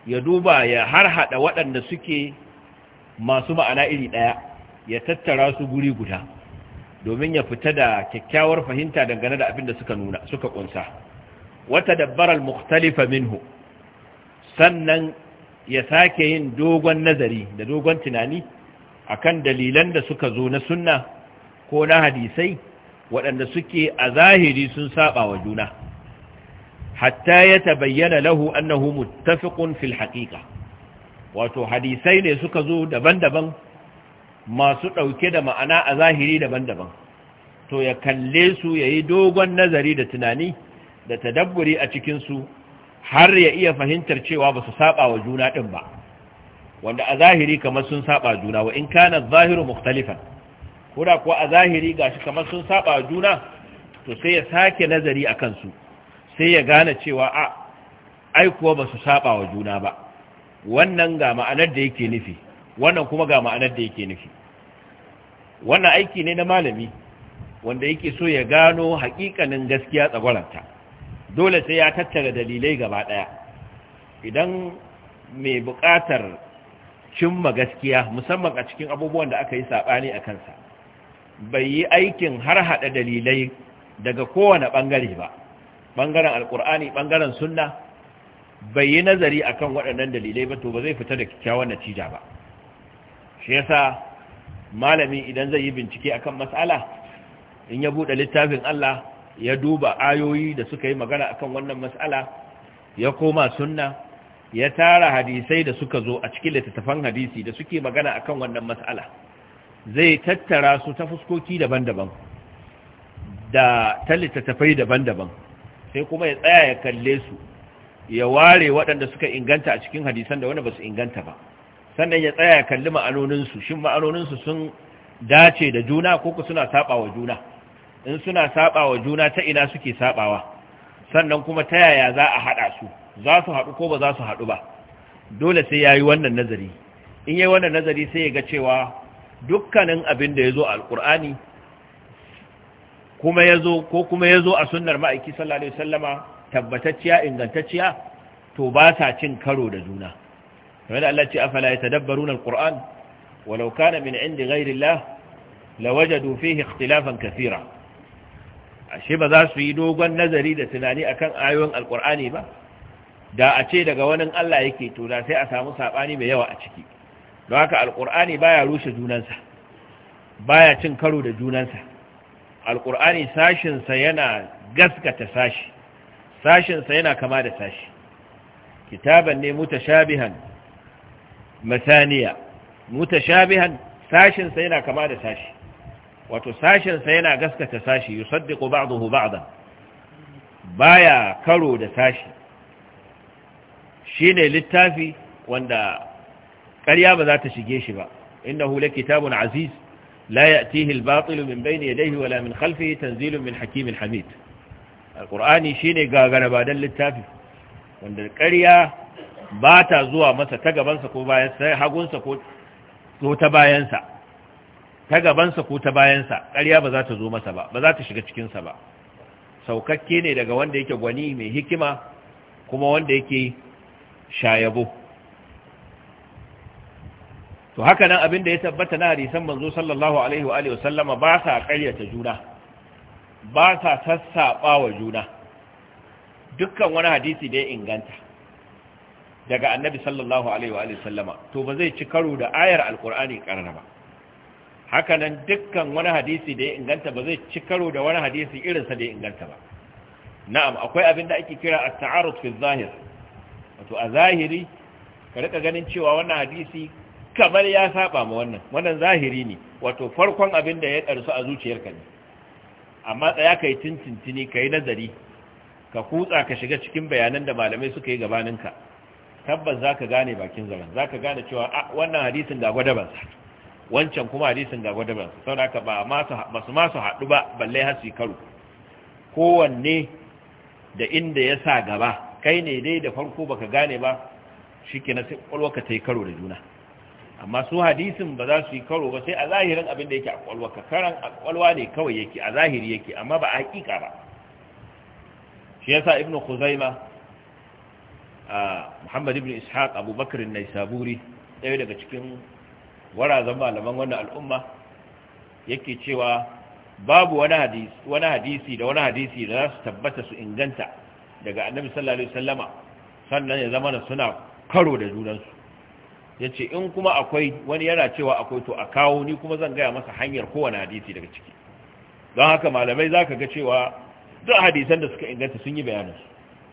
ya duba ya harhaɗa waɗanda suke masu ma'ana iri ɗaya ya tattara su guri guda domin ya fita da kyakkyawar fahimta dangane da abin da suka nuna suka kunsa wata dabaral muktalifa minhu sannan ya sake yin dogon nazari da dogon tunani akan dalilan da suka zo na sunna ko na hadisai waɗanda suke a zahiri sun saba wa juna hatta ya ta bayyana lahu annahu muttafiqun fil haqiqa wato hadisai ne suka zo daban-daban masu ɗauke da ma'ana a zahiri daban-daban to ya kalle su ya yi dogon nazari da tunani da tadabburi a cikinsu har ya iya fahimtar cewa ba su saba wa juna ɗin ba wanda a zahiri kamar sun saba juna wa in kana zahiru mukhtalifan ko da kuwa a zahiri gashi kamar sun saba juna to sai ya sake nazari a kansu sai ya gane cewa a aikuwa ba su saba wa juna ba wannan ga ma'anar da yake nufi wannan kuma ga ma'anar da yake nufi wannan aiki ne na malami wanda yake so ya gano hakikanin gaskiya tsagwaranta dole sai ya tattara dalilai gaba daya idan mai buƙatar cimma gaskiya musamman a cikin abubuwan da aka yi saɓani a kansa bai yi aikin har haɗa dalilai daga kowane ɓangare ba bangaren alkur'ani ɓangaren sunna bai yi nazari a kan waɗannan dalilai ba to ba zai fita da kyakkyawan natija ba shi yasa malami idan zai yi bincike akan matsala in ya buɗe littafin Allah ya duba ayoyi da suka yi magana akan wannan matsala ya koma sunna ya tara hadisai da suka zo a cikin littattafan hadisi da suke magana akan wannan matsala zai tattara su ta fuskoki daban-daban da ta littattafai daban-daban sai kuma ya tsaya ya kalle su ya ware waɗanda suka inganta a cikin hadisan da wanda ba su inganta ba sannan ya tsaya ya kalli ma'anoninsu shin ma'anoninsu sun dace da juna ko ku suna saɓawa juna in suna saɓawa juna ta ina suke sabawa sannan kuma ta yaya za a haɗa su za su haɗu ko ba za su haɗu ba dole sai ya yi wannan nazari in yi wannan nazari sai ya ga cewa dukkanin abin da ya zo a alƙur'ani kuma yazo ko kuma ya zo a sunnar ma'aiki sallallahu alaihi wasallama tabbatacciya ingantacciya to ba sa cin karo da juna kamar Allah ce afala yatadabbaruna alquran walau kana min indi ghairi Allah lawajadu fihi ikhtilafan ashe ba za su yi dogon nazari da tunani akan ayoyin alqur'ani ba da a ce daga wani Allah yake to da sai a samu saɓani mai yawa a ciki don haka alqur'ani baya rushe junansa baya cin karo da junansa alkur'ani sashinsa yana gaskata sashi sashinsa yana kama da sashi kitaban ne mutashabihan masaniya mutashabihan sashinsa yana kama da sashi wato sashinsa yana gaskata sashi yusaddiqu ba'dahu ba'dan baya karo da sashi shine littafi wanda ƙarya ba za ta shige shi ba innahu lakitabun aziz la ya'tihi al-batil min bayni yadayhi min khalfihi tanzilun min hakimin hamid alqur'ani shine gagara ba dan littafi wanda ƙarya ba ta zuwa masa ta gabansa ko ta bayansa ta ƙarya ba za ta zo masa ba ba za ta shiga cikinsa ba saukakke ne daga wanda yake gwani mai hikima kuma wanda yake shayabo to haka nan abin da ya tabbata na hadisan manzo sallallahu alaihi wa alihi wasallama ba sa ƙaryata juna ba sa sassaɓa wa juna dukkan wani hadisi da ya inganta daga annabi sallallahu alaihi wa alihi wasallama to ba zai ci karo da ayar alqur'ani karara ba haka nan dukkan wani hadisi da ya inganta ba zai ci karo da wani hadisi irinsa da ya inganta ba na'am akwai abin da ake kira at-ta'arud fi zahir wato a zahiri ka rika ganin cewa wannan hadisi kamar ya saba ma wannan wannan zahiri ne wato farkon abin da ya karsu a zuciyarka ne amma tsaya kai tintintini kai nazari ka kutsa ka shiga cikin bayanan da malamai suka yi gabaninka tabbas zaka gane bakin zaman zaka gane cewa a ah, wannan hadisin ga ban wancan kuma hadisin ga ban saboda ba masu masu masu haɗu ba balle har su karo kowanne da inda ya sa gaba kai ne dai da farko baka gane ba na sai kwalwa ka tai karo da juna amma su hadisin ba za su yi karo ba sai a zahirin abin da yake a kwalwa ka karan a kwalwa ne kawai yake a zahiri yake amma ba a hakika ba shi yasa ibnu khuzaima muhammad ibn ishaq abubakar an-naisaburi ɗaya daga cikin warazan malaman wannan al'umma yake cewa babu wani hadisi wani hadisi da wani hadisi da za su tabbata su inganta daga annabi sallallahu alaihi wasallama sannan ya zama suna karo da junansu yace in kuma akwai wani yana cewa akwai to a kawo ni kuma zan gaya masa hanyar kowane hadisi daga ciki don haka malamai za ka ga cewa duk hadisan da suka inganta sun yi bayanin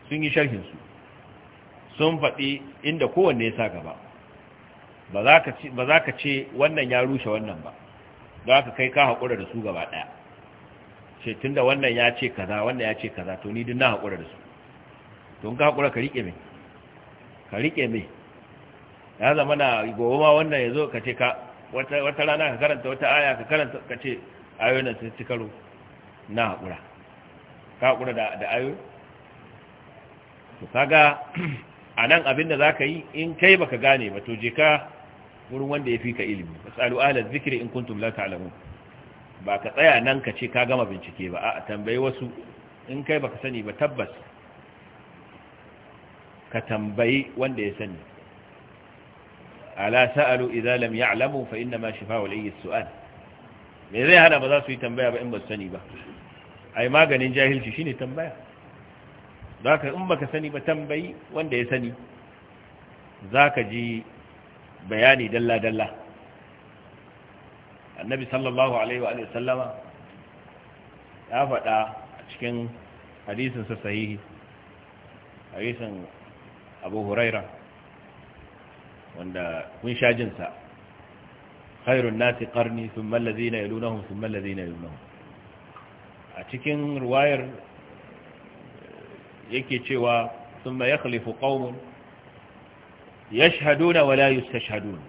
sun yi sharhin su sun faɗi inda kowanne ya sa gaba ba za ka ce wannan ya rushe wannan ba za ka kai ka haƙura da su gaba ɗaya ce tun da wannan ya ce kaza wannan ya ce kaza to ni duk na haƙura da su tun ka haƙura ka riƙe mai ka riƙe mai ya zama na gobe ma wannan ya zo ka ce ka wata rana ka karanta wata aya ka karanta ka ce ayo na sun ci karo na haƙura ka haƙura da ayo to ga a nan abin da za ka yi in kai baka gane ba to je ka wurin wanda ya fi ka ilimi masalu ala zikiri in kuntum la alamu. ba ka tsaya nan ka ce ka gama bincike ba a tambayi wasu in kai baka sani ba tabbas ka tambayi wanda ya sani ala sa'alu idza lam ya'lamu fa inna ma shifa'u layyi su'al me zai hana ba za su yi tambaya ba in ba sani ba ai maganin jahilci shi ne tambaya Za zaka in baka sani ba tambayi wanda ya sani Za ka ji bayani dalla dalla annabi sallallahu alaihi wa sallama ya faɗa a cikin hadisin sa sahihi hadisin abu huraira wanda kun sha jin sa khairun nasi qarni thumma alladhina yalunahum thumma alladhina yalunahum a cikin ruwayar eh, yake cewa thumma yakhlifu qaumun yashhaduna wala yustashhadun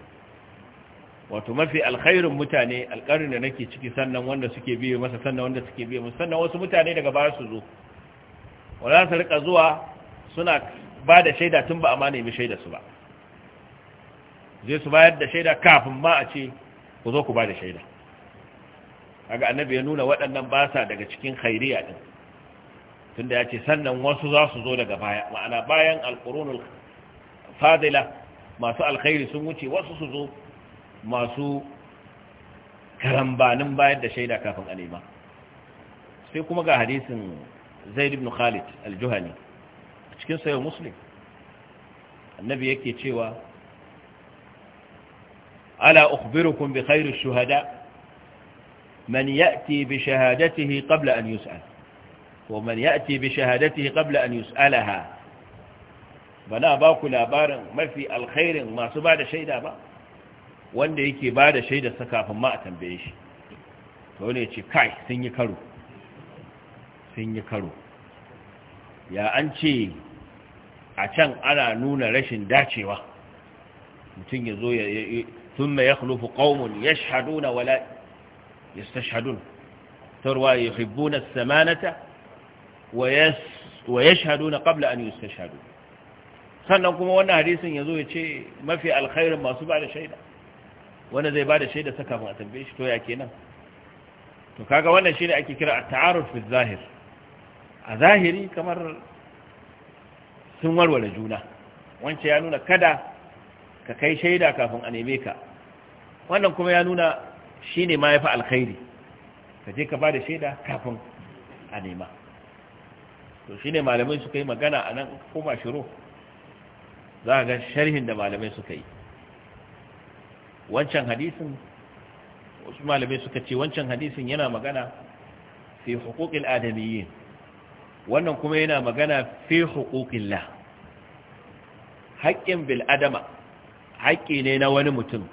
wato mafi alkhairun mutane alƙarin da nake ciki sannan wanda suke biye masa sannan wanda suke biye masa sannan wasu mutane daga baya su zo wala su rika zuwa suna ba da shaida tun ba a ma nemi shaida su ba zai su bayar da shaida kafin ma a ce ku zo ku ba da shaida aga annabi ya nuna waɗannan ba sa daga cikin khairiya din tunda ya ce sannan wasu za su zo daga baya ma'ana bayan alqurunul fadila masu alkhairi sun wuce wasu su zo masu karambanin bayar da shaida kafin a nema. sai kuma ga hadisin zaid ibn khalid al-juhani cikin sayan muslim annabi yake cewa ala ukhbirukum bi khairu shuhada man ya'ti bi shahadatihi qabla an yus'al wa man ya'ti bi shahadatihi qabla an yus'alaha bana ba ku labarin mafi alkhairin masu bada shaida ba wanda yake ba da shaida sa kafin ma a tambaye shi to ne ce kai sun yi karo sun yi karo ya an ce a can ana nuna rashin dacewa mutum ya zo ثم يخلف قوم يشهدون ولا يستشهدون ثروة يحبون الثمانة ويشهدون قبل أن يستشهدوا يستشهدون خلناكم وانا حديث يزوي شيء ما في الخير ما صبع على شيء وانا زي بعد شيء سكى ما تنبيش تو يأكينا تو وانا شيء أكي كرا التعارف في الظاهر الظاهري كمر ثمر ولا جونة وانش يعنون كذا ka kai shaida kafin a neme ka wannan kuma ya nuna shi ne ma ya fi alkhairi ka je ka ba da shaida kafin a nema to shi ne malamai suka yi magana a nan koma shiro za a ga sharhin da malamai suka yi wancan hadisin wasu malamai suka ce wancan hadisin yana magana fi hukukin adamiyyin wannan kuma yana magana fi hukukin la haƙƙin bil'adama haƙƙi ne na wani mutum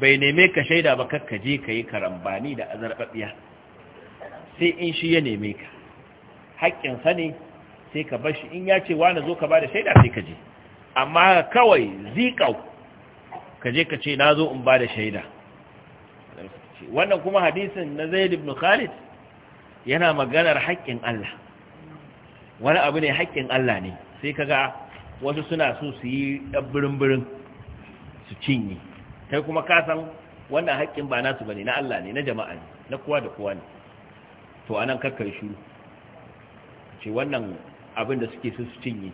bai neme ka shaida ba kakka je ka yi karambani da azarɓaɓɓiya sai in shi ya neme ka haƙƙinsa ne sai ka bashi in ya ce wani zo ka ba da shaida sai ka je amma kawai ziƙau ka je ka ce na zo in ba da shaida wannan kuma hadisin na zaid ibn khalid yana maganar haƙƙin Allah wani abu ne haƙƙin Allah ne sai ka ga wasu suna so su yi ɗan birin birin su cinye kai kuma ka san wannan haƙƙin ba nasu bane na Allah ne na jama'a ne na kowa da kowa ne to anan kakkar shiru ce wannan abin da suke su cinye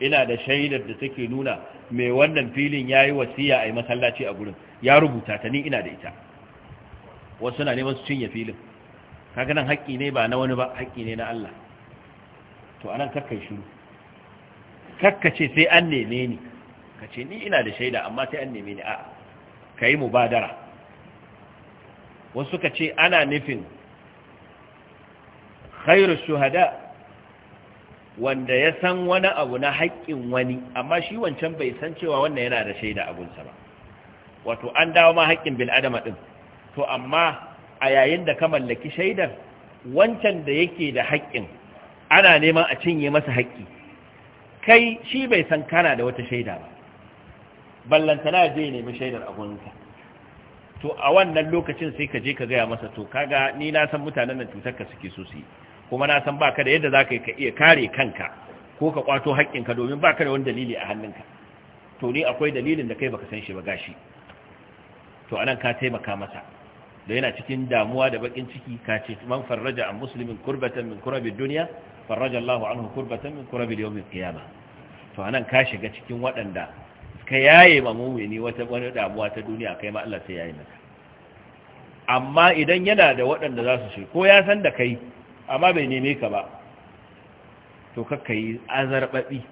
ina da shaidar da take nuna mai wannan filin yayi wasiya ai masallaci a gurin ya rubuta ta ni ina da ita wasu na neman su cinye filin kaga nan haƙƙi ne ba na wani ba haƙƙi ne na Allah to anan kakkar shiru kakkace sai an neme ni ka ce ni ina da shaida amma sai an nemi ni a ka yi mubadara wasu ka ce ana nufin khairu shuhada wanda ya san wani abu na haƙƙin wani amma shi wancan bai san cewa wannan yana da shaida abunsa ba wato an dawo ma haƙƙin bil'adama ɗin to amma a yayin da ka mallaki shaidar wancan da yake da haƙƙin ana neman a cinye masa haƙƙi kai shi bai san kana da wata shaida ba ballantana je nemi shaidar a gurinsa to a wannan lokacin sai ka je ka gaya masa to kaga ni na san mutanen nan cutar ka suke so su kuma na san baka da yadda za ka iya kare kanka ko ka kwato haƙƙinka domin baka da wani dalili a hannunka to ni akwai dalilin da kai baka san shi ba gashi to anan ka taimaka masa da yana cikin damuwa da bakin ciki ka ce man farraja an muslimin kurbatan min kurabi duniya farraja Allahu anhu kurbatan min kurabi yawmil qiyamah to anan ka shiga cikin waɗanda ka yaye ma mumini wata wani damuwa ta duniya kai ma Allah sai yayi maka amma idan yana da waɗanda za su shi ko ya san da kai amma bai neme ka ba to kakka yi azarbabi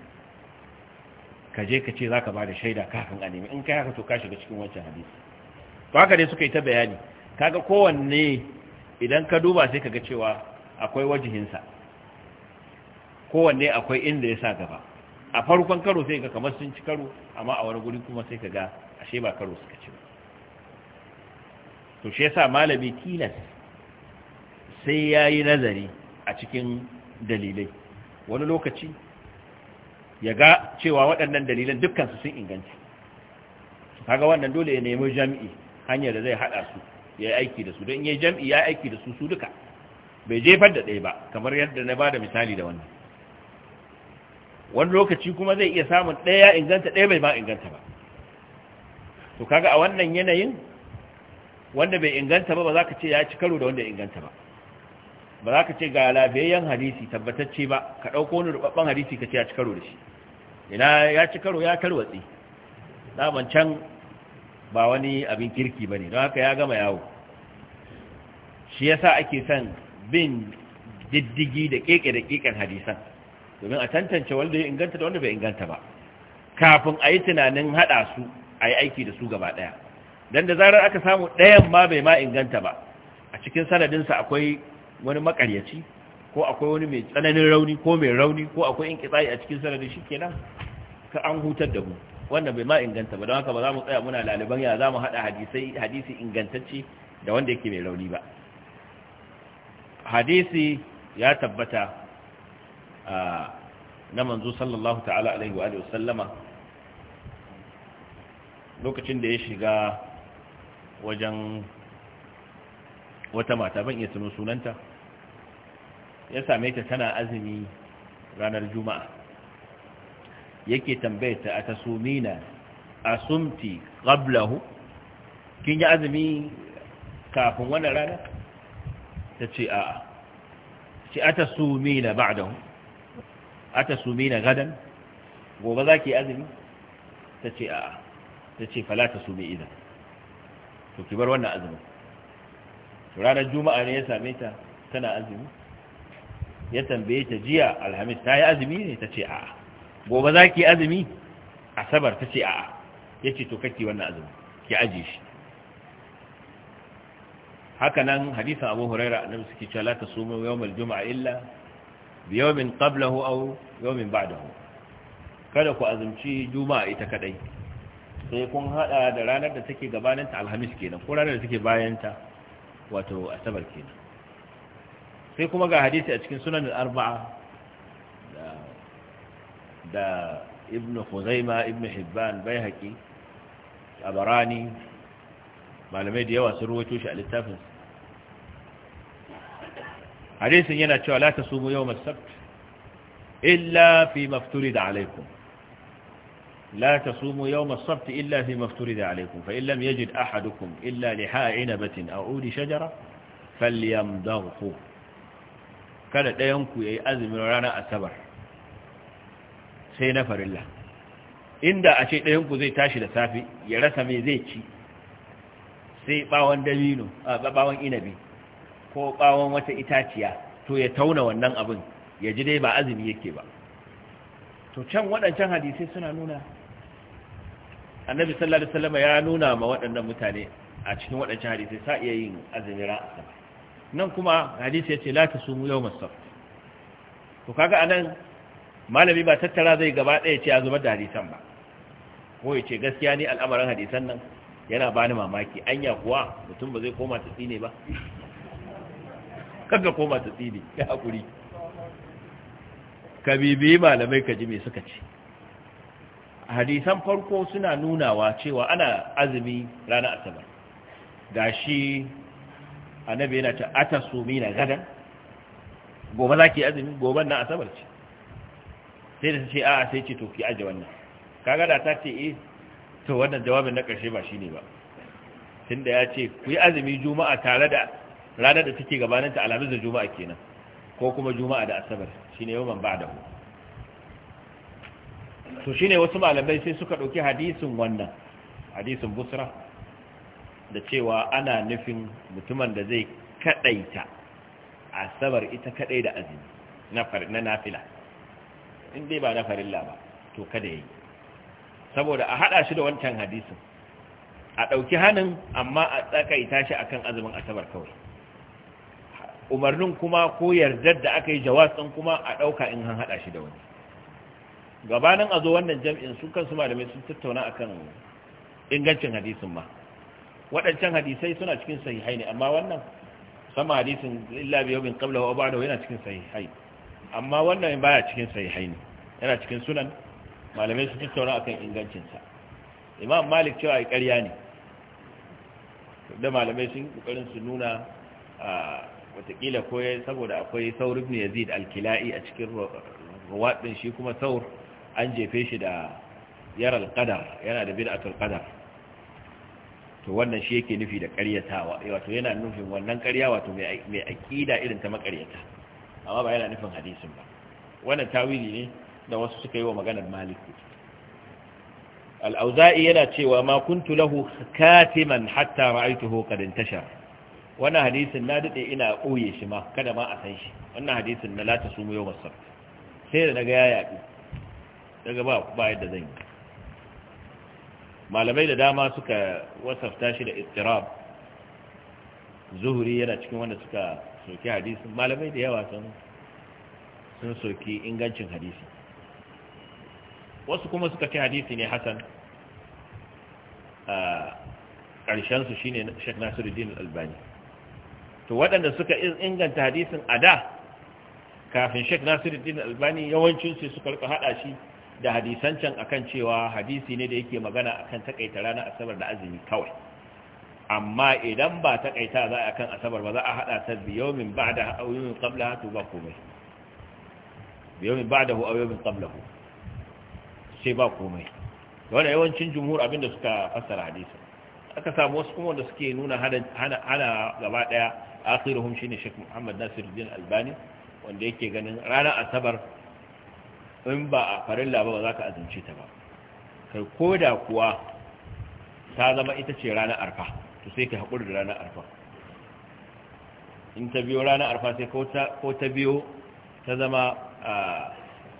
ka je ka ce za ka ba da shaida kafin a nemi in kai haka to ka shiga cikin wancan hadisi to haka dai suka yi ta bayani kaga kowanne idan ka duba sai ka ga cewa akwai wajihinsa kowanne akwai inda ya sa gaba a farkon karo sai ka kamar sun ci karo amma a wani guri kuma sai ka ga ashe ba karo suka ci ba. to shi yasa malami tilas sai ya yi nazari a cikin dalilai wani lokaci ya ga cewa waɗannan dalilan dukkansu sun inganci kaga wannan dole ya nemi jami'i hanyar da zai haɗa su ya yi aiki da su don yi jami'i ya aiki da su su duka bai jefar da ɗaya ba kamar yadda na bada misali da wannan wani lokaci kuma zai iya samun ɗaya inganta ɗaya bai ba inganta ba to kaga a wannan yanayin wanda bai inganta ba ba za ka ce ya ci karo da wanda ya inganta ba ba za ka ce ga lafiyayyen hadisi tabbatacce ba ka ɗauko wani rubabban hadisi ka ce ya ci karo da shi ina ya ci karo ya tarwatsi daman can ba wani abin kirki ba ne don haka ya gama yawo shi yasa ake son bin diddigi da keke da keken hadisan domin a tantance wanda ya inganta da wanda bai inganta ba kafin a yi tunanin haɗa su a yi aiki da su gaba ɗaya don da zarar aka samu ɗayan ma bai ma inganta ba a cikin sanadinsa akwai wani makaryaci ko akwai wani mai tsananin rauni ko mai rauni ko akwai in kitsayi a cikin sanadin shi kenan ka an hutar da mu wanda bai ma inganta ba don haka ba za mu tsaya muna laliban ya za mu haɗa hadisi ingantacce da wanda yake mai rauni ba hadisi ya tabbata na manzo sallallahu ta'ala alaihi wa alihi wasallama lokacin da ya shiga wajen wata mata ban iya tuno sunanta ya same ta tana azumi ranar juma'a yake tambayata a tasumina asumti qablahu kin yi azumi kafin wannan rana ta ce a'a ce a tasumina ba'dahu atasumina gadan gobe zaki azumi tace a tace fala tasumi idan to ki bar wannan azumin to ranar juma'a ne ya same ta tana azumi ya tambaye ta jiya alhamis ta yi azumi ne ta ce a'a gobe za ki azumi asabar ta ce a'a ya ce to kake wannan azumin ki aji shi haka nan hadisan abu huraira annabi suke cewa la tasumu yawmal juma'a illa bi yawmin qablahu aw yomin ba da hu kada ku azumci juma'a ita kadai sai kun hada da ranar da take gabaninta alhamis kenan ko ranar da take bayanta wato asabar kenan sai kuma ga hadisi a cikin sunan al-arba'a da ibn khuzaima ibn hibban bayhaqi abarani malamai da yawa sun ruwaito shi a littafin hadisin yana cewa la ta subu as-sabt illa fi mafturi da alaikum لا تصوموا يوم الصبت إلا فيما افترض عليكم فإن لم يجد أحدكم إلا لحاء عنبة أو أود شجرة فليمضغه kada ɗayanku ya yi azumin ranar asabar sai na farilla inda a ce ɗayanku zai tashi da safe, ya rasa mai zai ci sai ɓawon dabino a inabi ko ɓawon wata itaciya to ya tauna wannan abin ya ji dai ba azumi yake ba to can waɗancan hadisai suna nuna annabi sallallahu alaihi wasallam ya nuna ma waɗannan mutane a cikin waɗancan hadisai sa iya yin azumi ra'a nan kuma hadisi yace la sumu yawmas sabt to kaga anan malami ba tattara zai gaba ɗaya ce a zubar da hadisan ba ko ya ce gaskiya ne al'amarin hadisan nan yana ba ni mamaki anya kuwa mutum ba zai koma ta tsine ba kaga koma ta tsine ya haƙuri ka bibiyi malamai ka ji me suka ce hadisan farko suna nunawa cewa ana azumi ranar asabar shi annabi yana ta sumi na gadan gobe za ki azumi gobe na asabar ce sai da ce a'a sai ce to ki aje wannan ka da ta ce eh to wannan jawabin na karshe ba shine ba Tun da ya ce ku yi azumi juma'a tare da ranar da take gabaninta alhamis da juma'a kenan ko kuma juma'a da asabar shine yawman ba'dahu to shine wasu malamai sai suka dauki hadisin wannan hadisin busra da cewa ana nufin mutumin da zai kadaita asabar ita kadai da azumi na na nafila in dai ba na farilla ba to kada yayi saboda a hada shi da wancan hadisin a dauki hanin amma a tsakaita shi akan azumin asabar kawai umarnin kuma ko yardar da aka yi jawazin kuma a ɗauka in an haɗa shi da wani gabanin a zo wannan jam'in su kansu malamai sun tattauna a kan ingancin hadisin ma waɗancan hadisai suna cikin sahihai ne amma wannan sama hadisin illa biyu min kabla wa ba'dahu yana cikin sahihai amma wannan baya cikin sahihai ne yana cikin sunan malamai sun tattauna akan ingancin sa imam malik cewa ai ƙarya ne da malamai sun kokarin su nuna a ah, watakila ko ya saboda akwai saurin ibn yazid a cikin ruwaɗin shi kuma saur an jefe shi da yaral qadar yana da bid'atul qadar to wannan shi yake nufi da ƙaryatawa eh, wato yana nufin wannan ƙarya wato mai aƙida irin ta maƙaryata amma ba yana nufin hadisin ba wannan tawili ne da wasu suka yi wa maganar maliki al-auza'i yana cewa ma kuntu lahu katiman hatta ra'aytuhu qad intashara wannan hadisin na dade ina koye shi ma kada ma a san shi wannan hadisin na lata su yau masar sai da naga ya yaɗu daga ba ba yadda zan yi malamai da dama suka wasafta shi da ittirab zuhuri yana cikin wanda suka soki hadisin malamai da yawa sun sun soki ingancin hadisi wasu kuma suka ci hadisi ne hasan a ah, ƙarshensu shine shek nasiruddin albani to waɗanda suka inganta hadisin a da kafin Sheikh Nasiruddin Albani yawancin su suka rika hada shi da hadisancan a akan cewa hadisi ne da yake magana akan takaita ranar asabar da azumi kawai amma idan ba takaita za a kan asabar ba za a hada ta biyomin da auyumin kabla hatu ba komai biyomin da hu kabla qablahu sai ba komai wanda yawancin jumhur abinda suka fassara hadisi aka samu wasu kuma wanda suke nuna hana gaba daya akhiruhum shine Sheikh Muhammad Nasiruddin Albani wanda yake ganin ranar asabar in ba a farilla ba ba za ka azumce ta ba kai koda kuwa ta zama ita ce ranar arfa to sai ka hakuri da ranar arfa in ta biyo ranar arfa sai ko ta biyo ta zama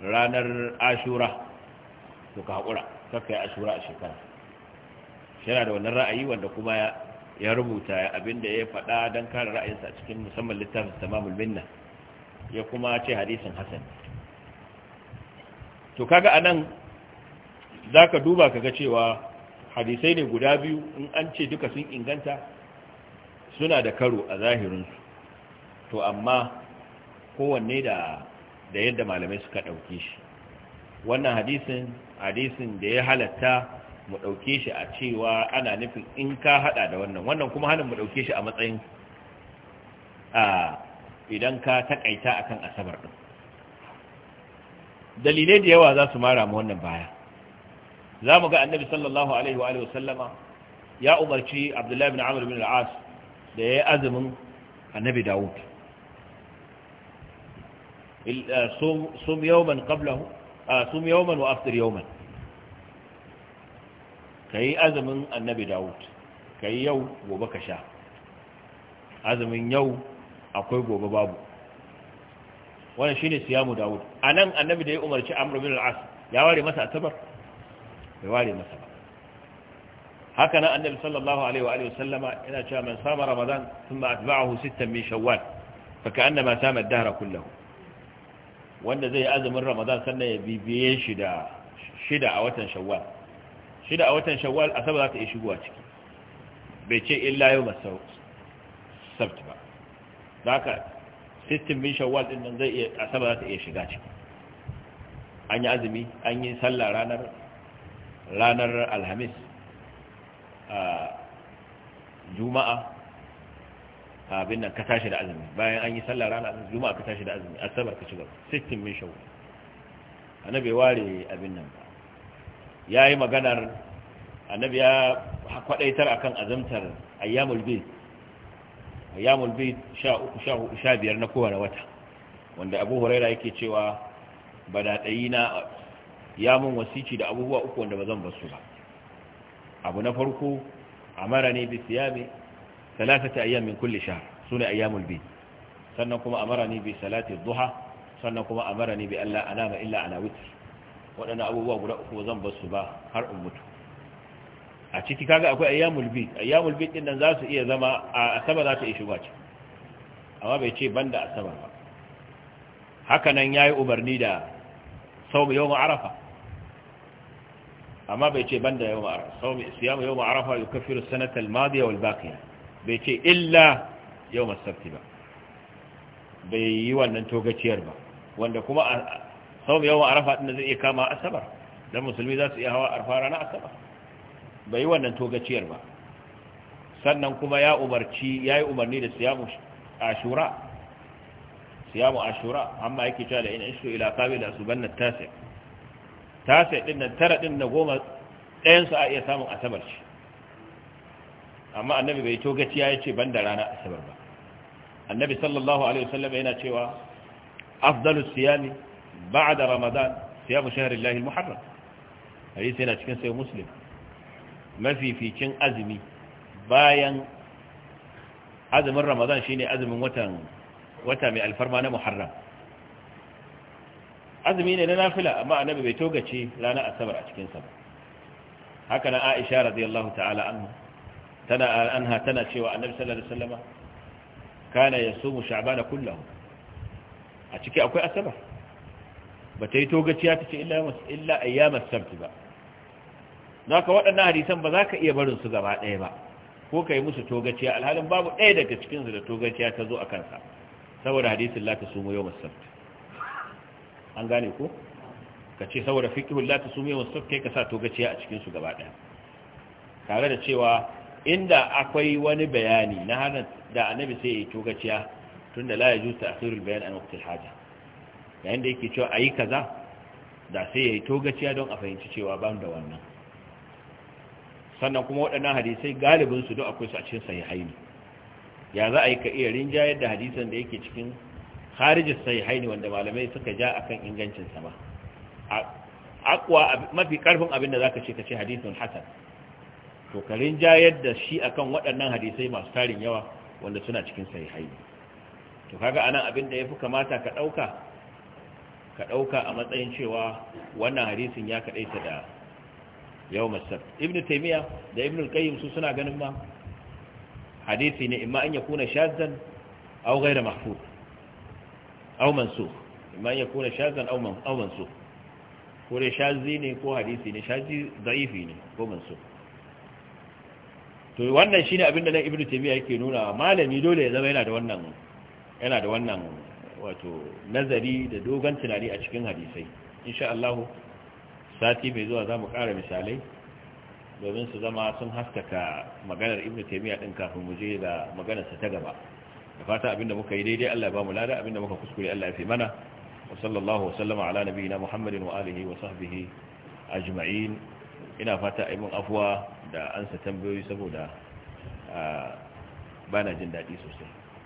ranar ashura to ka hakura kakka ashura a shekara shi da wannan ra'ayi wanda kuma ya rubuta abinda ya faɗa don kare ra'ayinsa a cikin musamman littafin tamamul minna ya kuma ce hadisin Hassan. to kaga anan za ka duba ka ga cewa hadisai ne guda biyu in an ce duka sun inganta suna da karo a zahirinsu to amma kowanne da da yadda malamai suka ɗauki shi wannan hadisin hadisin da ya halatta mu ɗauke shi a cewa ana nufin in ka haɗa da wannan wannan kuma hannun mu ɗauke shi a matsayin idan ka taƙaita kan asabar ɗin dalilai da yawa za su mara mu wannan baya za mu ga annabi sallallahu alaihi wa sallama ya umarci abdullahi bin amur bin al'as da ya yi azumin annabi dawud eh, sum yawman qablahu eh, sum yawman wa aftir yawman ka yi azumin annabi dawud ka yi yau gobe ka sha azumin yau akwai gobe babu wannan shine siyamu dawud anan annabi da ya umarci amr bin as ya ware masa asabar bai ware masa ba haka nan annabi sallallahu alaihi wa alihi sallama yana cewa man sama ramadan thumma atba'ahu sittan min shawwal fa ka'annama sama ad-dahra kullahu wanda zai azumin ramadan sannan ya bibiye shi da shida a watan shawwal shida a watan shawwal asabar za ta iya shigowa ciki bai ce illa yau masau sabt ba za ka sistin bin shawwal din nan zai iya asabar za ta iya shiga ciki an yi azumi an yi sallah ranar ranar alhamis a juma'a abin nan ka tashi da azumi bayan an yi sallah ranar juma'a ka tashi da azumi asabar ka gaba sistin bin shawwal bai ware abin nan ba ya yi maganar annabi ya kwadaitar kan azamtar ayyamul bid ayyamul bid 13 na kowane wata wanda abu huraira yake cewa ba bada ɗayi na ya mun wasici da abubuwa uku wanda ba zan basu ba abu na farko amara ne bi siyami salatata ayyamin kulle kulli su ne ayyamul bid sannan kuma amara ne bi salati duha sannan kuma amara ne Allah, alla anama illa ana witr waɗannan abubuwa guda uku zan ba su ba har in mutu a ciki kaga akwai ayyamul bid ayyamul bid din nan za su iya zama a asaba za ta iya shigo ci amma bai ce banda asaba ba haka nan yayi umarni da sawm yawm arafa amma bai ce banda yawm arafa sawm siyam yawm arafa yukaffiru sanata al-madiya wal baqiya bai ce illa yawm as-sabt ba bai yi wannan togaciyar ba wanda kuma sau yawan arafa ɗin da zai iya kama asabar don musulmi za su iya hawa arfa rana asabar bai yi wannan togaciyar ba sannan kuma ya umarci ya yi umarni da siyamu ashura siyamu ashura amma yake cewa da in ishu ila qabila subanna tasi tasi ɗin nan tara ɗin na goma ɗayan su a iya samun asabar shi amma annabi bai to gaciya ce ban da rana asabar ba annabi sallallahu alaihi wasallam yana cewa afdalu siyami ba'da ramadan siyamu shahrillahi almuharram hadisi yana cikin sai muslim mafificin azumi bayan azumin ramadan shine azumin watan wata mai alfarma na muharram azumi ne na nafila amma annabi bai togace ranar asabar a cikin ba haka nan Aisha radiyallahu ta'ala anha tana anha tana cewa annabi sallallahu alaihi wasallama kana yasumu sha'bana kullahu a ciki akwai asabar ba ta yi togaciya ta ce illa ayyamar sabti ba za ka waɗannan hadisan ba za ka iya barin su gaba ɗaya ba ko ka yi musu togaciya alhalin babu ɗaya daga cikinsu da togaciya ta zo a kansa saboda hadisin lati ta mu yau masabti an gane ko ka ce saboda fikihun lati ta mu yau masabti kai ka sa togaciya a cikinsu gaba ɗaya tare da cewa inda akwai wani bayani na hana da annabi sai ya yi togaciya tunda la a ta'khirul bayan an waqtil haja yayin da yake cewa yi kaza da sai yayi togaciya don a fahimci cewa ban da wannan sannan kuma waɗannan hadisai galibin su duk akwai su a cikin sahihaini ya za a yi ka iya rinjayar da hadisan da yake cikin kharijis sahihaini wanda malamai suka ja akan ingancin sa ba akwa mafi karfin abin da zaka ce kace hadisun hasan to ka rinjayar da shi akan waɗannan hadisai masu tarin yawa wanda suna cikin sahihaini to kaga anan abin da yafi kamata ka ɗauka. ka ɗauka a matsayin cewa wannan hadisin ya kaɗaita da yau masar ibn taimiyya da ibn al-qayyim su suna ganin ma hadisi ne imma an ya kuna shazan au gaira mahfud au mansu imma ya kuna shazan aw mansukh ko dai shazi ne ko hadisi ne shazi da'ifi ne ko mansukh to wannan shine abin da nan ibn taymiya yake nuna malami dole ya zama yana da wannan yana da wannan wato nazari da dogon tunani a cikin hadisai insha allahu sati mai zuwa zamu ƙara misalai domin su zama sun haskaka maganar ibnu taymiya din kafin mu je da maganar sa ta gaba da fata abinda muka yi daidai Allah ya ba mu lada abinda muka kuskure Allah ya fi mana wa sallallahu wa sallama ala nabiyina muhammadin wa alihi wa sahbihi ajma'in ina fata a yi mun afuwa da ansa tambayoyi saboda ah, bana jin daɗi sosai